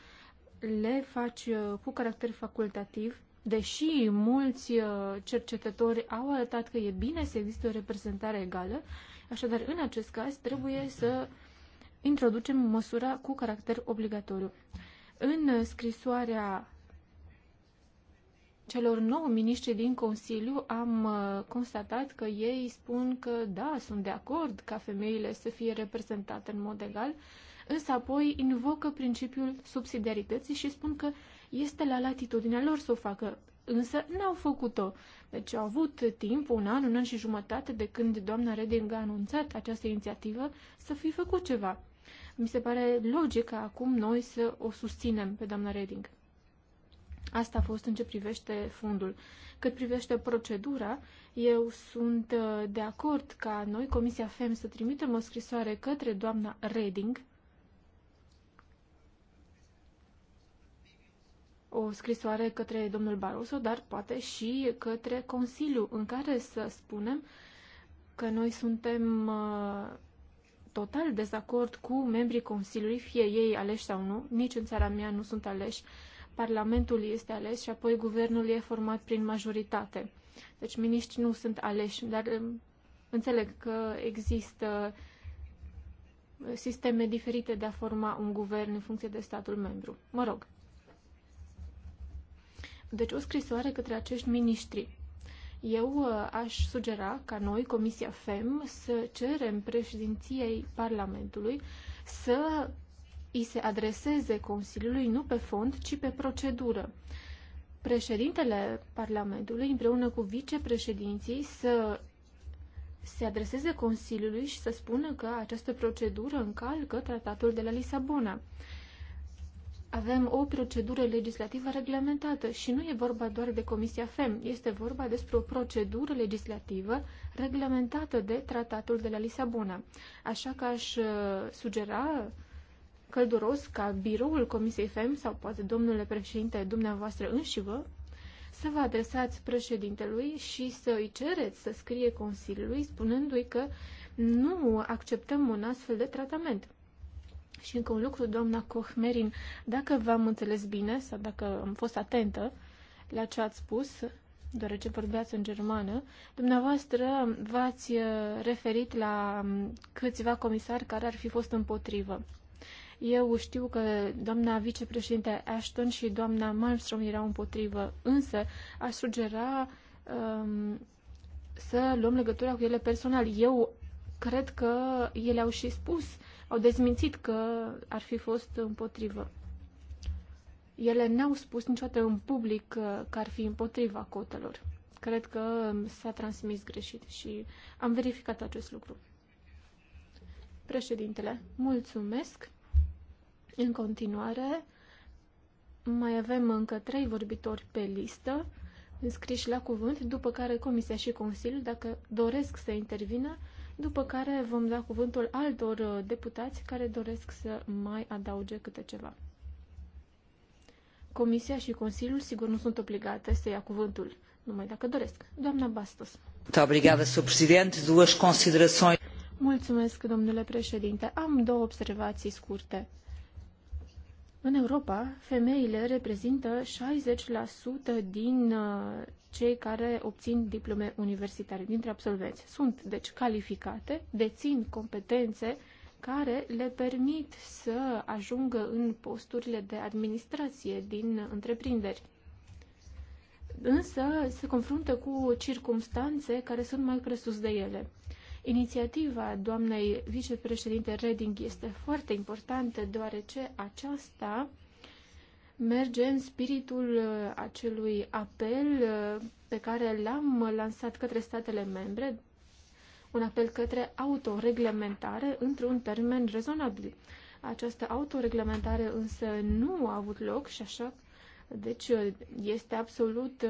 le faci uh, cu caracter facultativ, deși mulți uh, cercetători au arătat că e bine să există o reprezentare egală, Așadar, în acest caz, trebuie să introducem măsura cu caracter obligatoriu. În scrisoarea celor nou miniștri din Consiliu am uh, constatat că ei spun că da, sunt de acord ca femeile să fie reprezentate în mod egal, însă apoi invocă principiul subsidiarității și spun că este la latitudinea lor să o facă, însă n-au făcut-o. Deci au avut timp, un an, un an și jumătate, de când doamna Reding a anunțat această inițiativă, să fi făcut ceva. Mi se pare logic că acum noi să o susținem pe doamna Reding. Asta a fost în ce privește fundul. Cât privește procedura, eu sunt uh, de acord ca noi, Comisia FEM, să trimitem o scrisoare către doamna Reding o scrisoare către domnul Barroso, dar poate și către Consiliu, în care să spunem că noi suntem uh, total dezacord cu membrii Consiliului, fie ei aleși sau nu, nici în țara mea nu sunt aleși, Parlamentul este ales și apoi guvernul e format prin majoritate. Deci miniștri nu sunt aleși, dar um, înțeleg că există uh, sisteme diferite de a forma un guvern în funcție de statul membru. Mă rog, deci o scrisoare către acești miniștri. Eu uh, aș sugera ca noi, Comisia FEM, să cerem președinției Parlamentului să îi se adreseze Consiliului nu pe fond, ci pe procedură. Președintele Parlamentului, împreună cu vicepreședinții, să se adreseze Consiliului și să spună că această procedură încalcă tratatul de la Lisabona avem o procedură legislativă reglementată și nu e vorba doar de Comisia FEM, este vorba despre o procedură legislativă reglementată de Tratatul de la Lisabona. Așa că aș uh, sugera călduros ca biroul Comisiei FEM sau poate domnule președinte dumneavoastră înșivă să vă adresați președintelui și să îi cereți să scrie Consiliului spunându-i că nu acceptăm un astfel de tratament. Și încă un lucru, doamna Cohmerin, dacă v-am înțeles bine sau dacă am fost atentă la ce ați spus, deoarece vorbeați în germană, dumneavoastră v-ați uh, referit la um, câțiva comisari care ar fi fost împotrivă. Eu știu că doamna vicepreședinte Ashton și doamna Malmström erau împotrivă, însă aș sugera um, să luăm legătura cu ele personal. Eu cred că ele au și spus uh, au dezmințit că ar fi fost împotrivă. Ele n-au spus niciodată în public că, ar fi împotriva cotelor. Cred că s-a transmis greșit și am verificat acest lucru. Președintele, mulțumesc. În continuare, mai avem încă trei vorbitori pe listă înscriși la cuvânt, după care Comisia și Consiliul, dacă doresc să intervină, după care vom da cuvântul altor uh, deputați care doresc să mai adauge câte ceva. Comisia și Consiliul sigur nu sunt obligate să ia cuvântul, numai dacă doresc. Doamna Bastos. Obrigada, Sr. Presidente. Duas considerações. Mulțumesc, domnule președinte. Am două observații scurte. În Europa, femeile reprezintă 60% din uh, cei care obțin diplome universitare, dintre absolvenți. Sunt, deci, calificate, dețin competențe care le permit să ajungă în posturile de administrație din întreprinderi. Însă se confruntă cu circumstanțe care sunt mai presus de ele. Inițiativa doamnei vicepreședinte Reding este foarte importantă, deoarece aceasta merge în spiritul uh, acelui apel uh, pe care l-am lansat către statele membre, un apel către autoreglementare într-un termen rezonabil. Această autoreglementare însă nu a avut loc și așa, deci uh, este absolut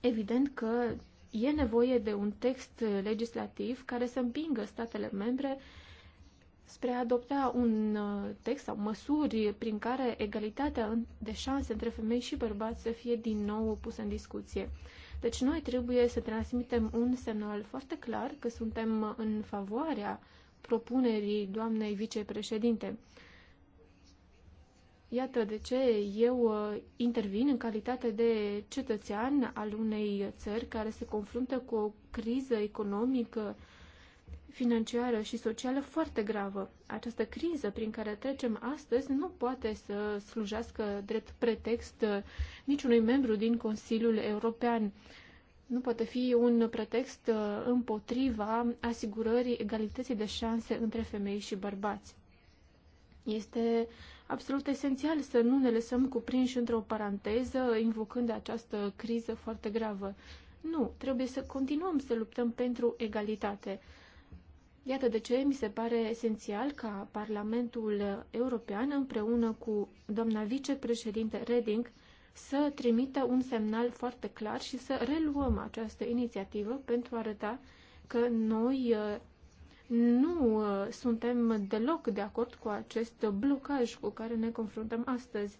evident că e nevoie de un text legislativ care să împingă statele membre spre a adopta un uh, text sau măsuri prin care egalitatea de șanse între femei și bărbați să fie din nou pusă în discuție. Deci noi trebuie să transmitem un semnal foarte clar că suntem în favoarea propunerii doamnei vicepreședinte. Iată de ce eu uh, intervin în calitate de cetățean al unei țări care se confruntă cu o criză economică, financiară și socială foarte gravă. Această criză prin care trecem astăzi nu poate să slujească drept pretext uh, niciunui membru din Consiliul European. Nu poate fi un pretext uh, împotriva asigurării egalității de șanse între femei și bărbați. Este absolut esențial să nu ne lăsăm cuprinși într-o paranteză, invocând această criză foarte gravă. Nu, trebuie să continuăm să luptăm pentru egalitate. Iată de ce mi se pare esențial ca Parlamentul European, împreună cu doamna vicepreședinte Reding, să trimită un semnal foarte clar și să reluăm această inițiativă pentru a arăta că noi nu uh, suntem deloc de acord cu acest blocaj cu care ne confruntăm astăzi.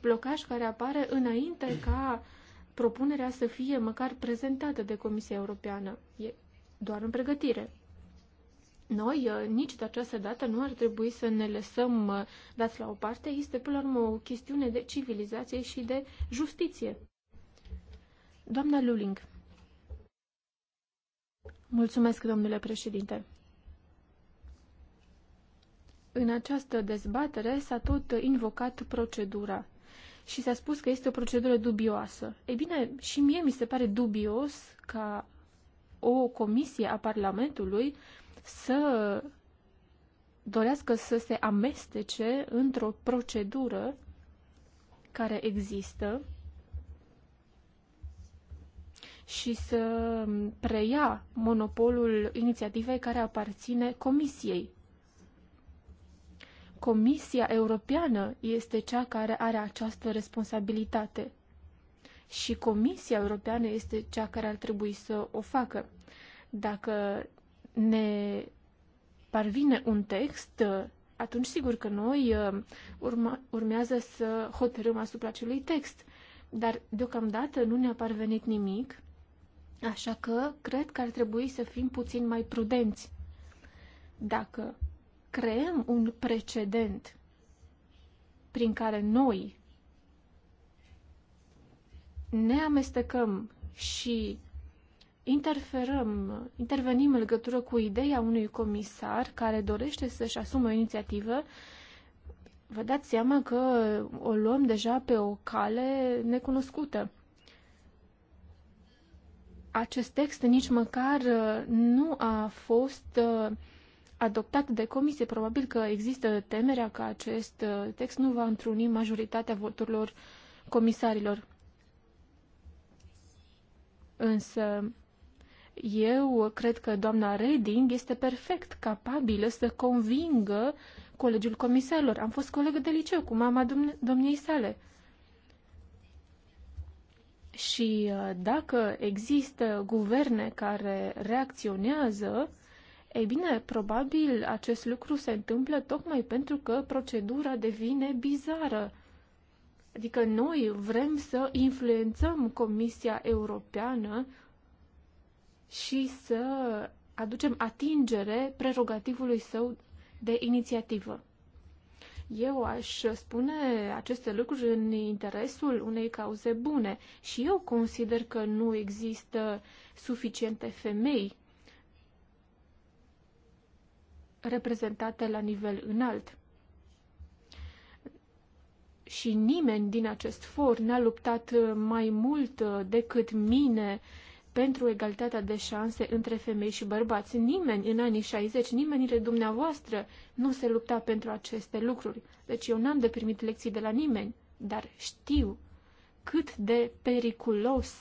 Blocaj care apare înainte ca propunerea să fie măcar prezentată de Comisia Europeană. E doar în pregătire. Noi, uh, nici de această dată, nu ar trebui să ne lăsăm uh, dați la o parte. Este, până la urmă, o chestiune de civilizație și de justiție. Doamna Luling. Mulțumesc, domnule președinte. În această dezbatere s-a tot invocat procedura și s-a spus că este o procedură dubioasă. Ei bine, și mie mi se pare dubios ca o comisie a Parlamentului să dorească să se amestece într-o procedură care există și să preia monopolul inițiativei care aparține comisiei. Comisia Europeană este cea care are această responsabilitate și Comisia Europeană este cea care ar trebui să o facă. Dacă ne parvine un text, atunci sigur că noi uh, urma, urmează să hotărâm asupra acelui text. Dar deocamdată nu ne-a parvenit nimic, așa că cred că ar trebui să fim puțin mai prudenți. Dacă creăm un precedent prin care noi ne amestecăm și interferăm, intervenim în legătură cu ideea unui comisar care dorește să-și asume o inițiativă, vă dați seama că o luăm deja pe o cale necunoscută. Acest text nici măcar uh, nu a fost uh, adoptat de comisie. Probabil că există temerea că acest uh, text nu va întruni majoritatea voturilor comisarilor. Însă eu cred că doamna Reding este perfect capabilă să convingă colegiul comisarilor. Am fost colegă de liceu cu mama domniei sale. Și uh, dacă există guverne care reacționează, ei bine, probabil acest lucru se întâmplă tocmai pentru că procedura devine bizară. Adică noi vrem să influențăm Comisia Europeană și să aducem atingere prerogativului său de inițiativă. Eu aș spune aceste lucruri în interesul unei cauze bune și eu consider că nu există suficiente femei reprezentate la nivel înalt. Și nimeni din acest for n-a luptat uh, mai mult uh, decât mine pentru egalitatea de șanse între femei și bărbați. Nimeni în anii 60, nimeni dintre dumneavoastră nu se lupta pentru aceste lucruri. Deci eu n-am de primit lecții de la nimeni, dar știu cât de periculos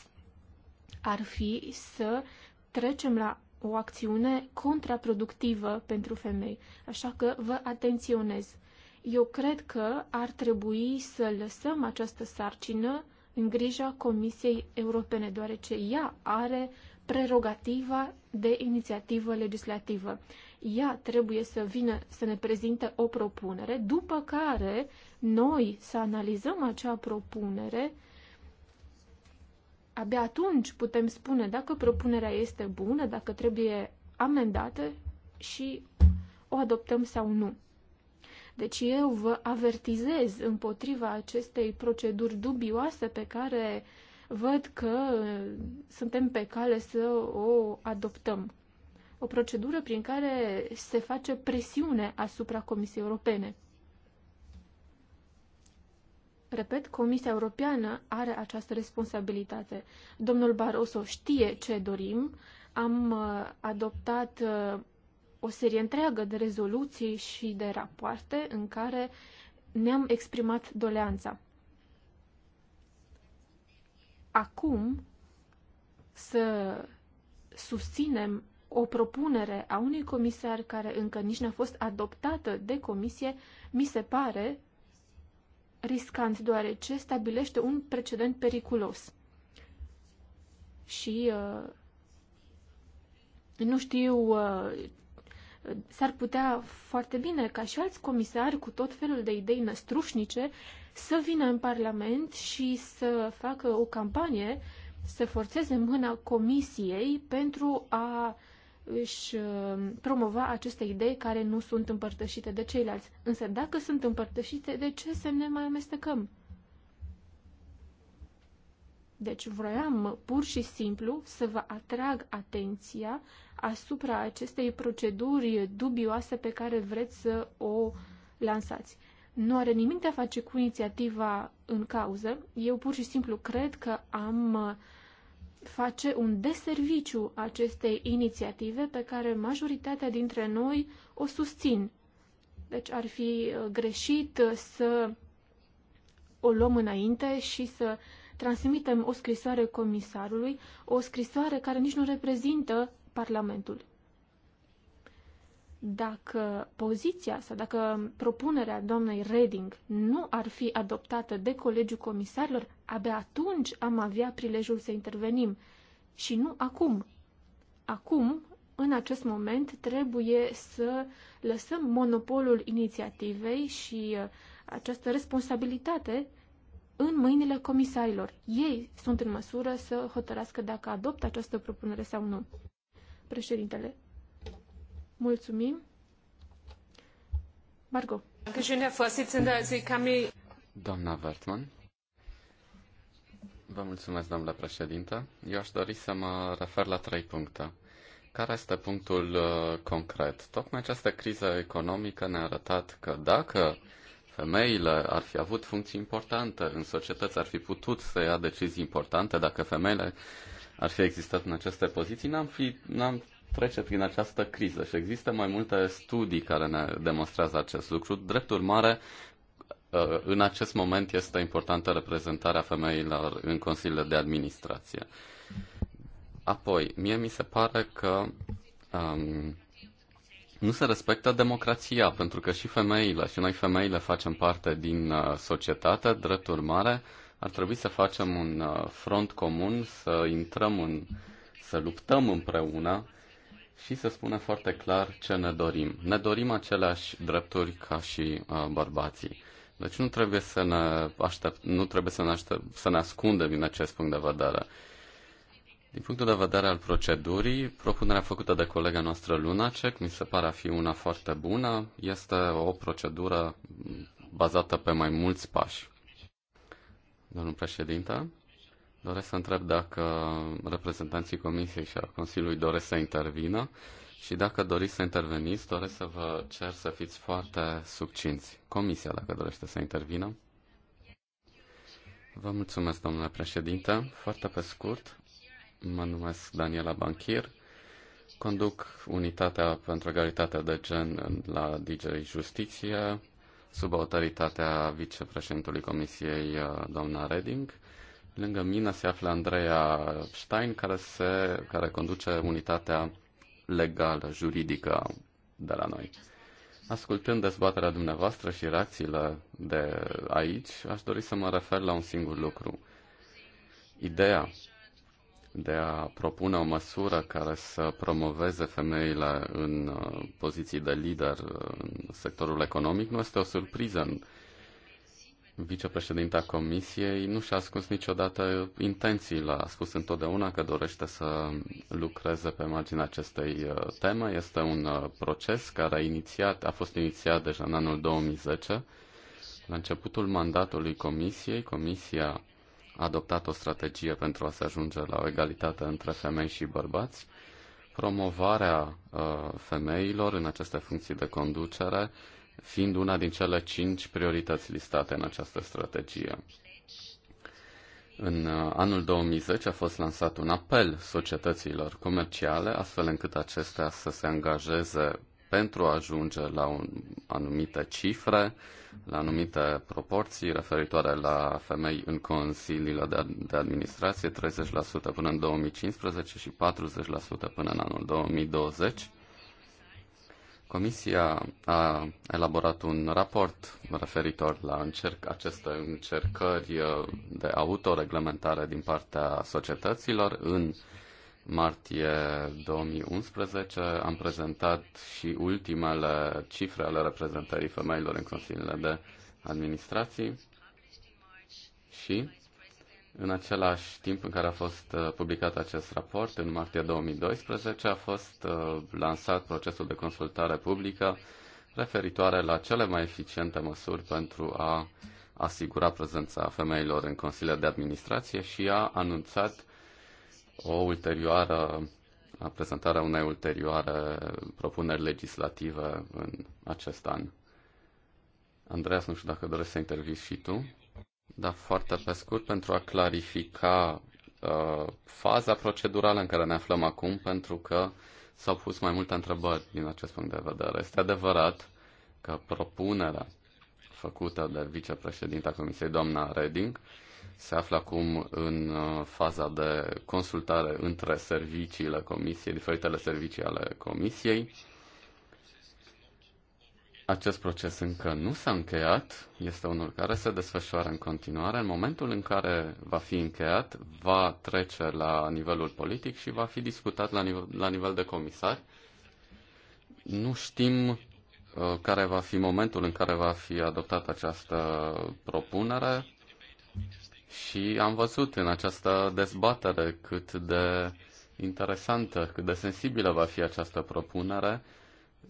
ar fi să trecem la o acțiune contraproductivă pentru femei, așa că vă atenționez. Eu cred că ar trebui să lăsăm această sarcină în grija Comisiei Europene, deoarece ea are prerogativa de inițiativă legislativă. Ea trebuie să vină să ne prezinte o propunere, după care noi să analizăm acea propunere abia atunci putem spune dacă propunerea este bună, dacă trebuie amendată și o adoptăm sau nu. Deci eu vă avertizez împotriva acestei proceduri dubioase pe care văd că suntem pe cale să o adoptăm. O procedură prin care se face presiune asupra Comisiei Europene. Repet, Comisia Europeană are această responsabilitate. Domnul Barroso știe ce dorim. Am uh, adoptat uh, o serie întreagă de rezoluții și de rapoarte în care ne-am exprimat doleanța. Acum să susținem o propunere a unui comisar care încă nici n-a fost adoptată de comisie, mi se pare riscant, deoarece stabilește un precedent periculos. Și uh, nu știu, uh, s-ar putea foarte bine ca și alți comisari cu tot felul de idei năstrușnice să vină în Parlament și să facă o campanie, să forțeze mâna Comisiei pentru a uh, își uh, promova aceste idei care nu sunt împărtășite de ceilalți. Însă dacă sunt împărtășite, de ce să ne mai amestecăm? Deci vroiam pur și simplu să vă atrag atenția asupra acestei proceduri dubioase pe care vreți să o lansați. Nu are nimic de a face cu inițiativa în cauză. Eu pur și simplu cred că am uh, face un deserviciu acestei inițiative pe care majoritatea dintre noi o susțin. Deci ar fi uh, greșit uh, să o luăm înainte și să transmitem o scrisoare comisarului, o scrisoare care nici nu reprezintă Parlamentul dacă poziția sau dacă propunerea doamnei Reding nu ar fi adoptată de Colegiul Comisarilor, abia atunci am avea prilejul să intervenim și nu acum. Acum, în acest moment, trebuie să lăsăm monopolul inițiativei și uh, această responsabilitate în mâinile comisarilor. Ei sunt în măsură să hotărască dacă adoptă această propunere sau nu. Președintele, Mulțumim. Margot. Doamna Wertmann. Vă mulțumesc, domnule președinte. Eu aș dori să mă refer la trei puncte. Care este punctul uh, concret? Tocmai această criză economică ne-a arătat că dacă femeile ar fi avut funcții importante în societăți, ar fi putut să ia decizii importante, dacă femeile ar fi existat în aceste poziții, n-am, fi, n-am trece prin această criză și există mai multe studii care ne demonstrează acest lucru. Drept urmare, uh, în acest moment este importantă reprezentarea femeilor în consiliile de administrație. Apoi, mie mi se pare că um, nu se respectă democrația, pentru că și femeile, și noi femeile facem parte din uh, societate, drept urmare, ar trebui să facem un uh, front comun, să intrăm în, să luptăm împreună și să spună foarte clar ce ne dorim. Ne dorim aceleași drepturi ca și uh, bărbații. Deci nu trebuie să ne, aștept, nu trebuie să ne, aștept, să ne ascundem din acest punct de vedere. Din punctul de vedere al procedurii, propunerea făcută de colega noastră Lunacek mi se pare a fi una foarte bună. Este o procedură bazată pe mai mulți pași. Domnul președinte, Doresc să întreb dacă reprezentanții Comisiei și a Consiliului doresc să intervină și dacă doriți să interveniți, doresc să vă cer să fiți foarte succinți. Comisia, dacă dorește să intervină. Vă mulțumesc, domnule președinte. Foarte pe scurt, mă numesc Daniela Banchir, conduc unitatea pentru egalitatea de gen la DJ Justiție, sub autoritatea vicepreședintului Comisiei, doamna Reding. Lângă mine se află Andreea Stein, care, se, care conduce unitatea legală, juridică de la noi. Ascultând dezbaterea dumneavoastră și reacțiile de aici, aș dori să mă refer la un singur lucru. Ideea de a propune o măsură care să promoveze femeile în uh, poziții de lider uh, în sectorul economic nu este o surpriză în vicepreședinta Comisiei nu și-a ascuns niciodată intențiile. A spus întotdeauna că dorește să lucreze pe marginea acestei uh, teme. Este un uh, proces care a, inițiat, a fost inițiat deja în anul 2010. La începutul mandatului Comisiei, Comisia a adoptat o strategie pentru a se ajunge la o egalitate între femei și bărbați. Promovarea uh, femeilor în aceste funcții de conducere uh, fiind una din cele cinci priorități listate în această strategie. În uh, anul 2010 a fost lansat un apel societăților comerciale, astfel încât acestea să se angajeze pentru a ajunge la un, anumite cifre, la anumite proporții referitoare la femei în consiliile de, de administrație, 30% până în 2015 și 40% până în anul 2020. Comisia a elaborat un raport referitor la încerc, aceste încercări uh, de autoreglementare din partea societăților. În martie 2011 am prezentat și ultimele cifre ale reprezentării femeilor în consiliile de administrații și în același timp în care a fost uh, publicat acest raport, în martie 2012, a fost uh, lansat procesul de consultare publică referitoare la cele mai eficiente măsuri pentru a asigura prezența femeilor în Consiliul de Administrație și a anunțat o ulterioară a prezentarea unei ulterioare propuneri legislative în acest an. Andreas, nu știu dacă doresc să intervii și tu. Da, foarte pe scurt, pentru a clarifica uh, faza procedurală în care ne aflăm acum, pentru că s-au pus mai multe întrebări din acest punct de vedere. Este adevărat că propunerea făcută de vicepreședinta Comisiei, doamna Reding, se află acum în uh, faza de consultare între serviciile Comisiei, diferitele servicii ale Comisiei acest proces încă nu s-a încheiat, este unul care se desfășoară în continuare. În momentul în care va fi încheiat, va trece la nivelul politic și va fi discutat la nivel, la nivel de comisari. Nu știm uh, care va fi momentul în care va fi adoptată această propunere și am văzut în această dezbatere cât de interesantă, cât de sensibilă va fi această propunere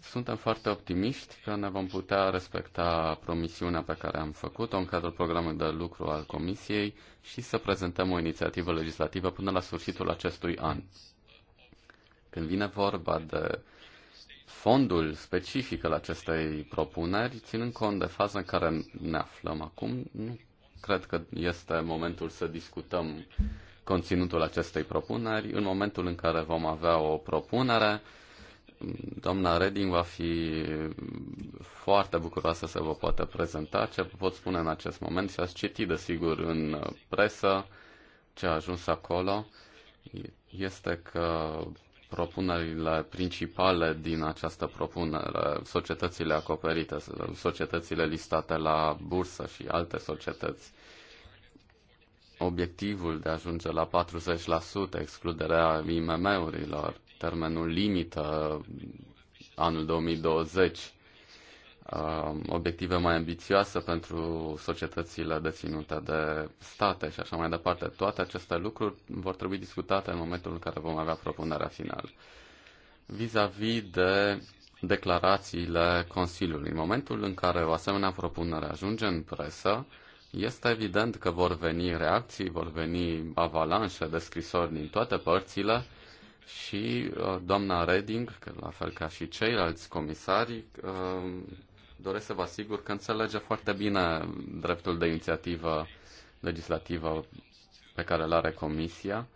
suntem foarte optimiști că ne vom putea respecta promisiunea pe care am făcut-o în cadrul programului de lucru al Comisiei și să prezentăm o inițiativă legislativă până la sfârșitul acestui an. Când vine vorba de fondul specific al acestei propuneri, ținând cont de faza în care ne aflăm acum, nu cred că este momentul să discutăm conținutul acestei propuneri. În momentul în care vom avea o propunere, doamna Reding va fi foarte bucuroasă să vă poată prezenta ce pot spune în acest moment și ați citit, desigur, în presă ce a ajuns acolo. Este că propunerile principale din această propunere, societățile acoperite, societățile listate la bursă și alte societăți, obiectivul de a ajunge la 40%, excluderea IMM-urilor, termenul limită anul 2020, um, obiective mai ambițioase pentru societățile deținute de state și așa mai departe. Toate aceste lucruri vor trebui discutate în momentul în care vom avea propunerea finală. Vis-a-vis de declarațiile Consiliului, în momentul în care o asemenea propunere ajunge în presă, este evident că vor veni reacții, vor veni avalanșe de scrisori din toate părțile, și uh, doamna Reding, la fel ca și ceilalți comisari, uh, doresc să vă asigur că înțelege foarte bine dreptul de inițiativă legislativă pe care îl are Comisia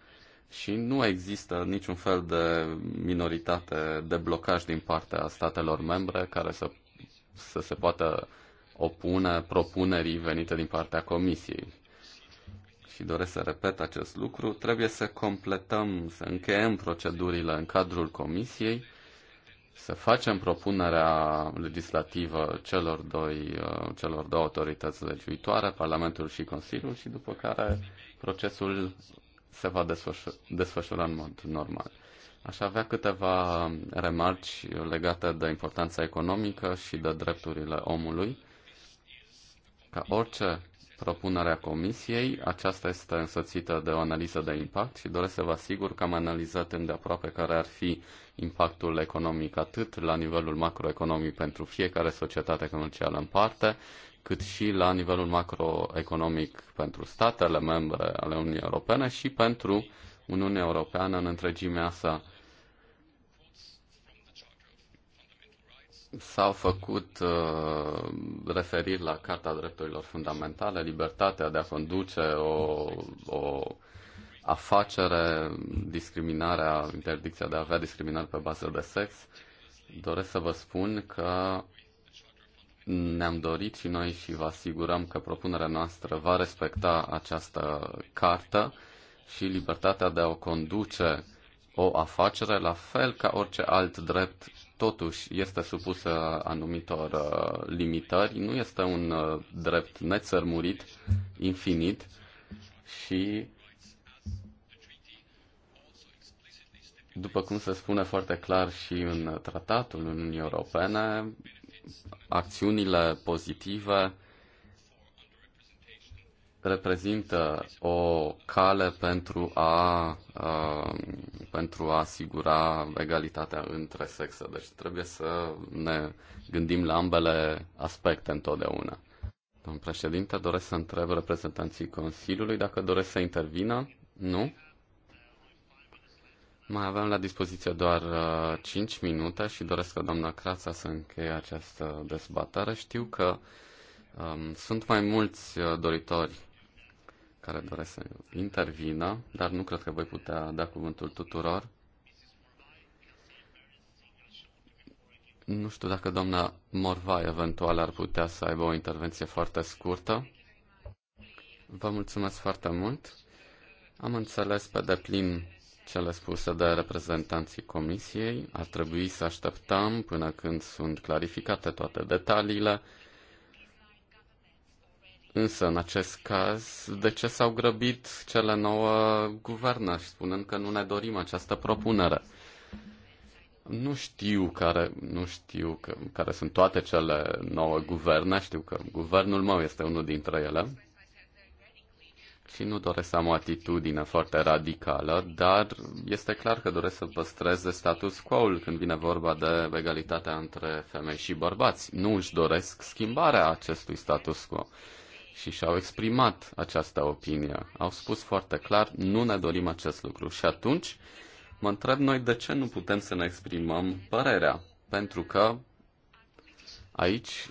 și nu există niciun fel de minoritate de blocaj din partea statelor membre care să, să se poată opune propunerii venite din partea Comisiei și doresc să repet acest lucru, trebuie să completăm, să încheiem procedurile în cadrul Comisiei, să facem propunerea legislativă celor, doi, uh, celor două autorități legiuitoare, Parlamentul și Consiliul, și după care procesul se va desfășura în mod normal. Aș avea câteva remarci legate de importanța economică și de drepturile omului. Ca orice propunerea comisiei. Aceasta este însățită de o analiză de impact și doresc să vă asigur că am analizat îndeaproape care ar fi impactul economic atât la nivelul macroeconomic pentru fiecare societate comercială în parte, cât și la nivelul macroeconomic pentru statele membre ale Uniunii Europene și pentru Uniunea Europeană în întregimea sa. S-au făcut uh, referiri la Carta Drepturilor Fundamentale, libertatea de a conduce o, o afacere, discriminarea, interdicția de a avea discriminare pe bază de sex. Doresc să vă spun că ne-am dorit și noi și vă asigurăm că propunerea noastră va respecta această cartă și libertatea de a o conduce o afacere, la fel ca orice alt drept totuși este supusă anumitor uh, limitări, nu este un uh, drept nețărmurit, infinit și după cum se spune foarte clar și în tratatul Uniunii Europene, acțiunile pozitive reprezintă o cale pentru a, uh, pentru a asigura egalitatea între sexe. Deci trebuie să ne gândim la ambele aspecte întotdeauna. Domnul președinte, doresc să întreb reprezentanții Consiliului dacă doresc să intervină. Nu? Mai avem la dispoziție doar uh, 5 minute și doresc ca doamna Crața să încheie această dezbatere. Știu că um, sunt mai mulți uh, doritori care doresc să intervină, dar nu cred că voi putea da cuvântul tuturor. Nu știu dacă doamna Morva eventual ar putea să aibă o intervenție foarte scurtă. Vă mulțumesc foarte mult. Am înțeles pe deplin cele spuse de reprezentanții comisiei. Ar trebui să așteptăm până când sunt clarificate toate detaliile Însă, în acest caz, de ce s-au grăbit cele nouă guvernări, spunând că nu ne dorim această propunere? Nu știu care, nu știu că, care sunt toate cele nouă guverne, știu că guvernul meu este unul dintre ele și nu doresc să am o atitudine foarte radicală, dar este clar că doresc să păstreze status quo-ul când vine vorba de egalitatea între femei și bărbați. Nu își doresc schimbarea acestui status quo și și-au exprimat această opinie. Au spus foarte clar, nu ne dorim acest lucru. Și atunci mă întreb noi de ce nu putem să ne exprimăm părerea. Pentru că aici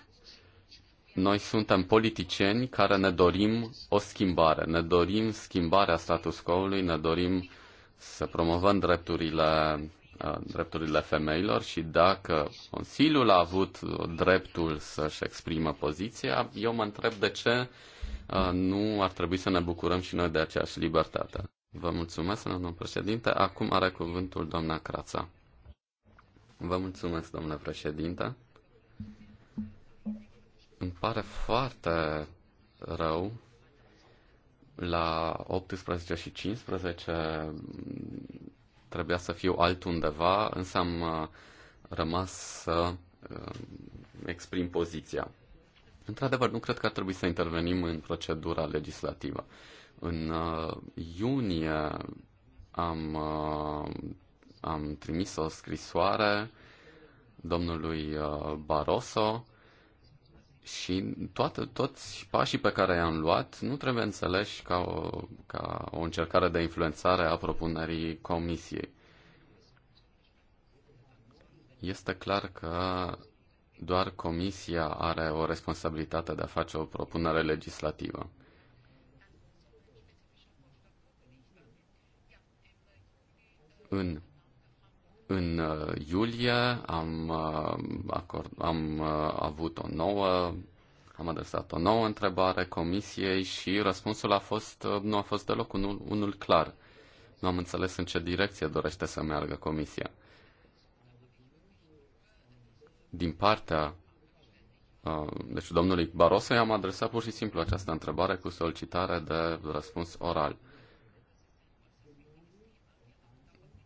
noi suntem politicieni care ne dorim o schimbare. Ne dorim schimbarea status quo-ului, ne dorim să promovăm drepturile Uh, drepturile femeilor și dacă Consiliul a avut uh, dreptul să-și exprimă poziția, eu mă întreb de ce uh, nu ar trebui să ne bucurăm și noi de aceeași libertate. Vă mulțumesc, domnul președinte. Acum are cuvântul doamna Crața. Vă mulțumesc, domnule președinte. Îmi pare foarte rău la 18 și 15 trebuia să fiu altundeva, însă am uh, rămas să uh, exprim poziția. Într-adevăr, nu cred că ar trebui să intervenim în procedura legislativă. În uh, iunie am, am trimis o scrisoare domnului Barroso și toată, toți pașii pe care i-am luat nu trebuie înțeleși ca o, ca o încercare de influențare a propunerii comisiei. Este clar că doar comisia are o responsabilitate de a face o propunere legislativă. În în uh, iulie am, uh, acord, am uh, avut o nouă, am adresat o nouă întrebare comisiei și răspunsul a fost, nu a fost deloc unul, unul clar. Nu am înțeles în ce direcție dorește să meargă comisia. Din partea deci domnului Barroso i-am adresat pur și simplu această întrebare cu solicitare de răspuns oral.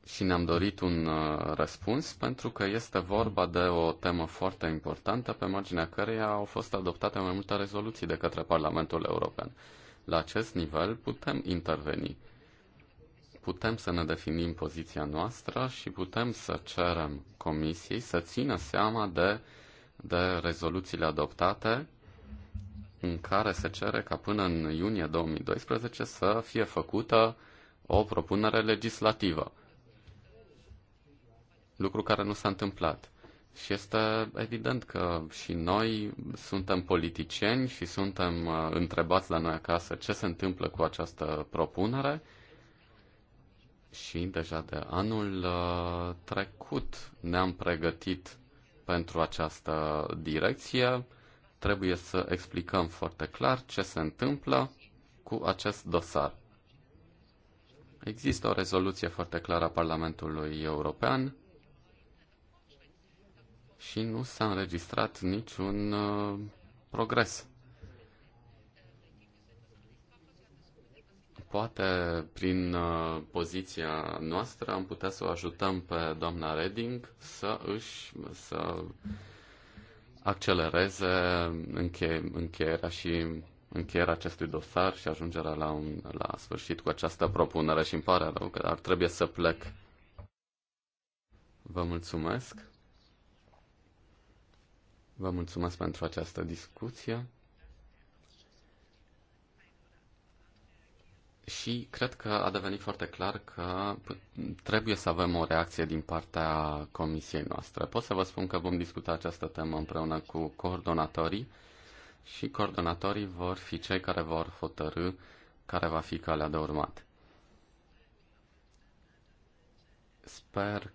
și ne-am dorit un uh, răspuns pentru că este vorba de o temă foarte importantă pe marginea căreia au fost adoptate mai multe rezoluții de către Parlamentul European. La acest nivel putem interveni. Putem să ne definim poziția noastră și putem să cerem Comisiei să țină seama de, de rezoluțiile adoptate în care se cere ca până în iunie 2012 să fie făcută o propunere legislativă lucru care nu s-a întâmplat. Și este evident că și noi suntem politicieni și suntem uh, întrebați la noi acasă ce se întâmplă cu această propunere. Și deja de anul uh, trecut ne-am pregătit pentru această direcție. Trebuie să explicăm foarte clar ce se întâmplă cu acest dosar. Există o rezoluție foarte clară a Parlamentului European și nu s-a înregistrat niciun uh, progres. Poate prin uh, poziția noastră am putea să o ajutăm pe doamna Reding să își să accelereze înche- încheierea și încheierea acestui dosar și ajungerea la, un, la sfârșit cu această propunere și îmi pare rău că ar trebui să plec. Vă mulțumesc. Vă mulțumesc pentru această discuție. Și cred că a devenit foarte clar că trebuie să avem o reacție din partea comisiei noastre. Pot să vă spun că vom discuta această temă împreună cu coordonatorii și coordonatorii vor fi cei care vor hotărâ care va fi calea de urmat. Sper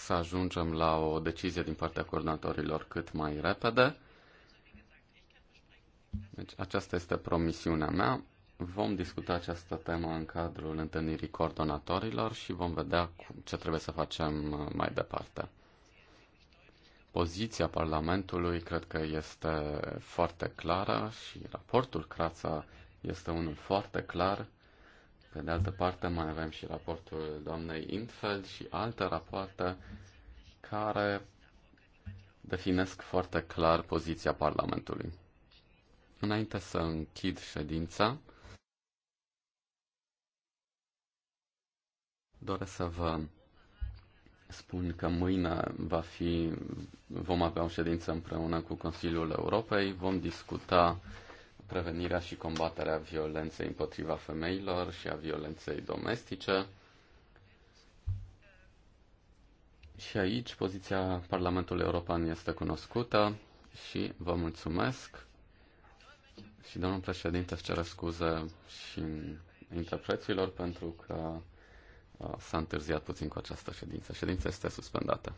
să ajungem la o decizie din partea coordonatorilor cât mai repede. Deci aceasta este promisiunea mea. Vom discuta această temă în cadrul întâlnirii coordonatorilor și vom vedea ce trebuie să facem uh, mai departe. Poziția Parlamentului cred că este foarte clară și raportul Crața este unul foarte clar pe de altă parte, mai avem și raportul doamnei Infeld și alte rapoarte care definesc foarte clar poziția Parlamentului. Înainte să închid ședința, doresc să vă spun că mâine va fi, vom avea o ședință împreună cu Consiliul Europei, vom discuta prevenirea și combaterea violenței împotriva femeilor și a violenței domestice. Și aici poziția Parlamentului European este cunoscută și vă mulțumesc. Și domnul președinte îți cer scuze și interpreților pentru că uh, s-a întârziat puțin cu această ședință. Ședința este suspendată.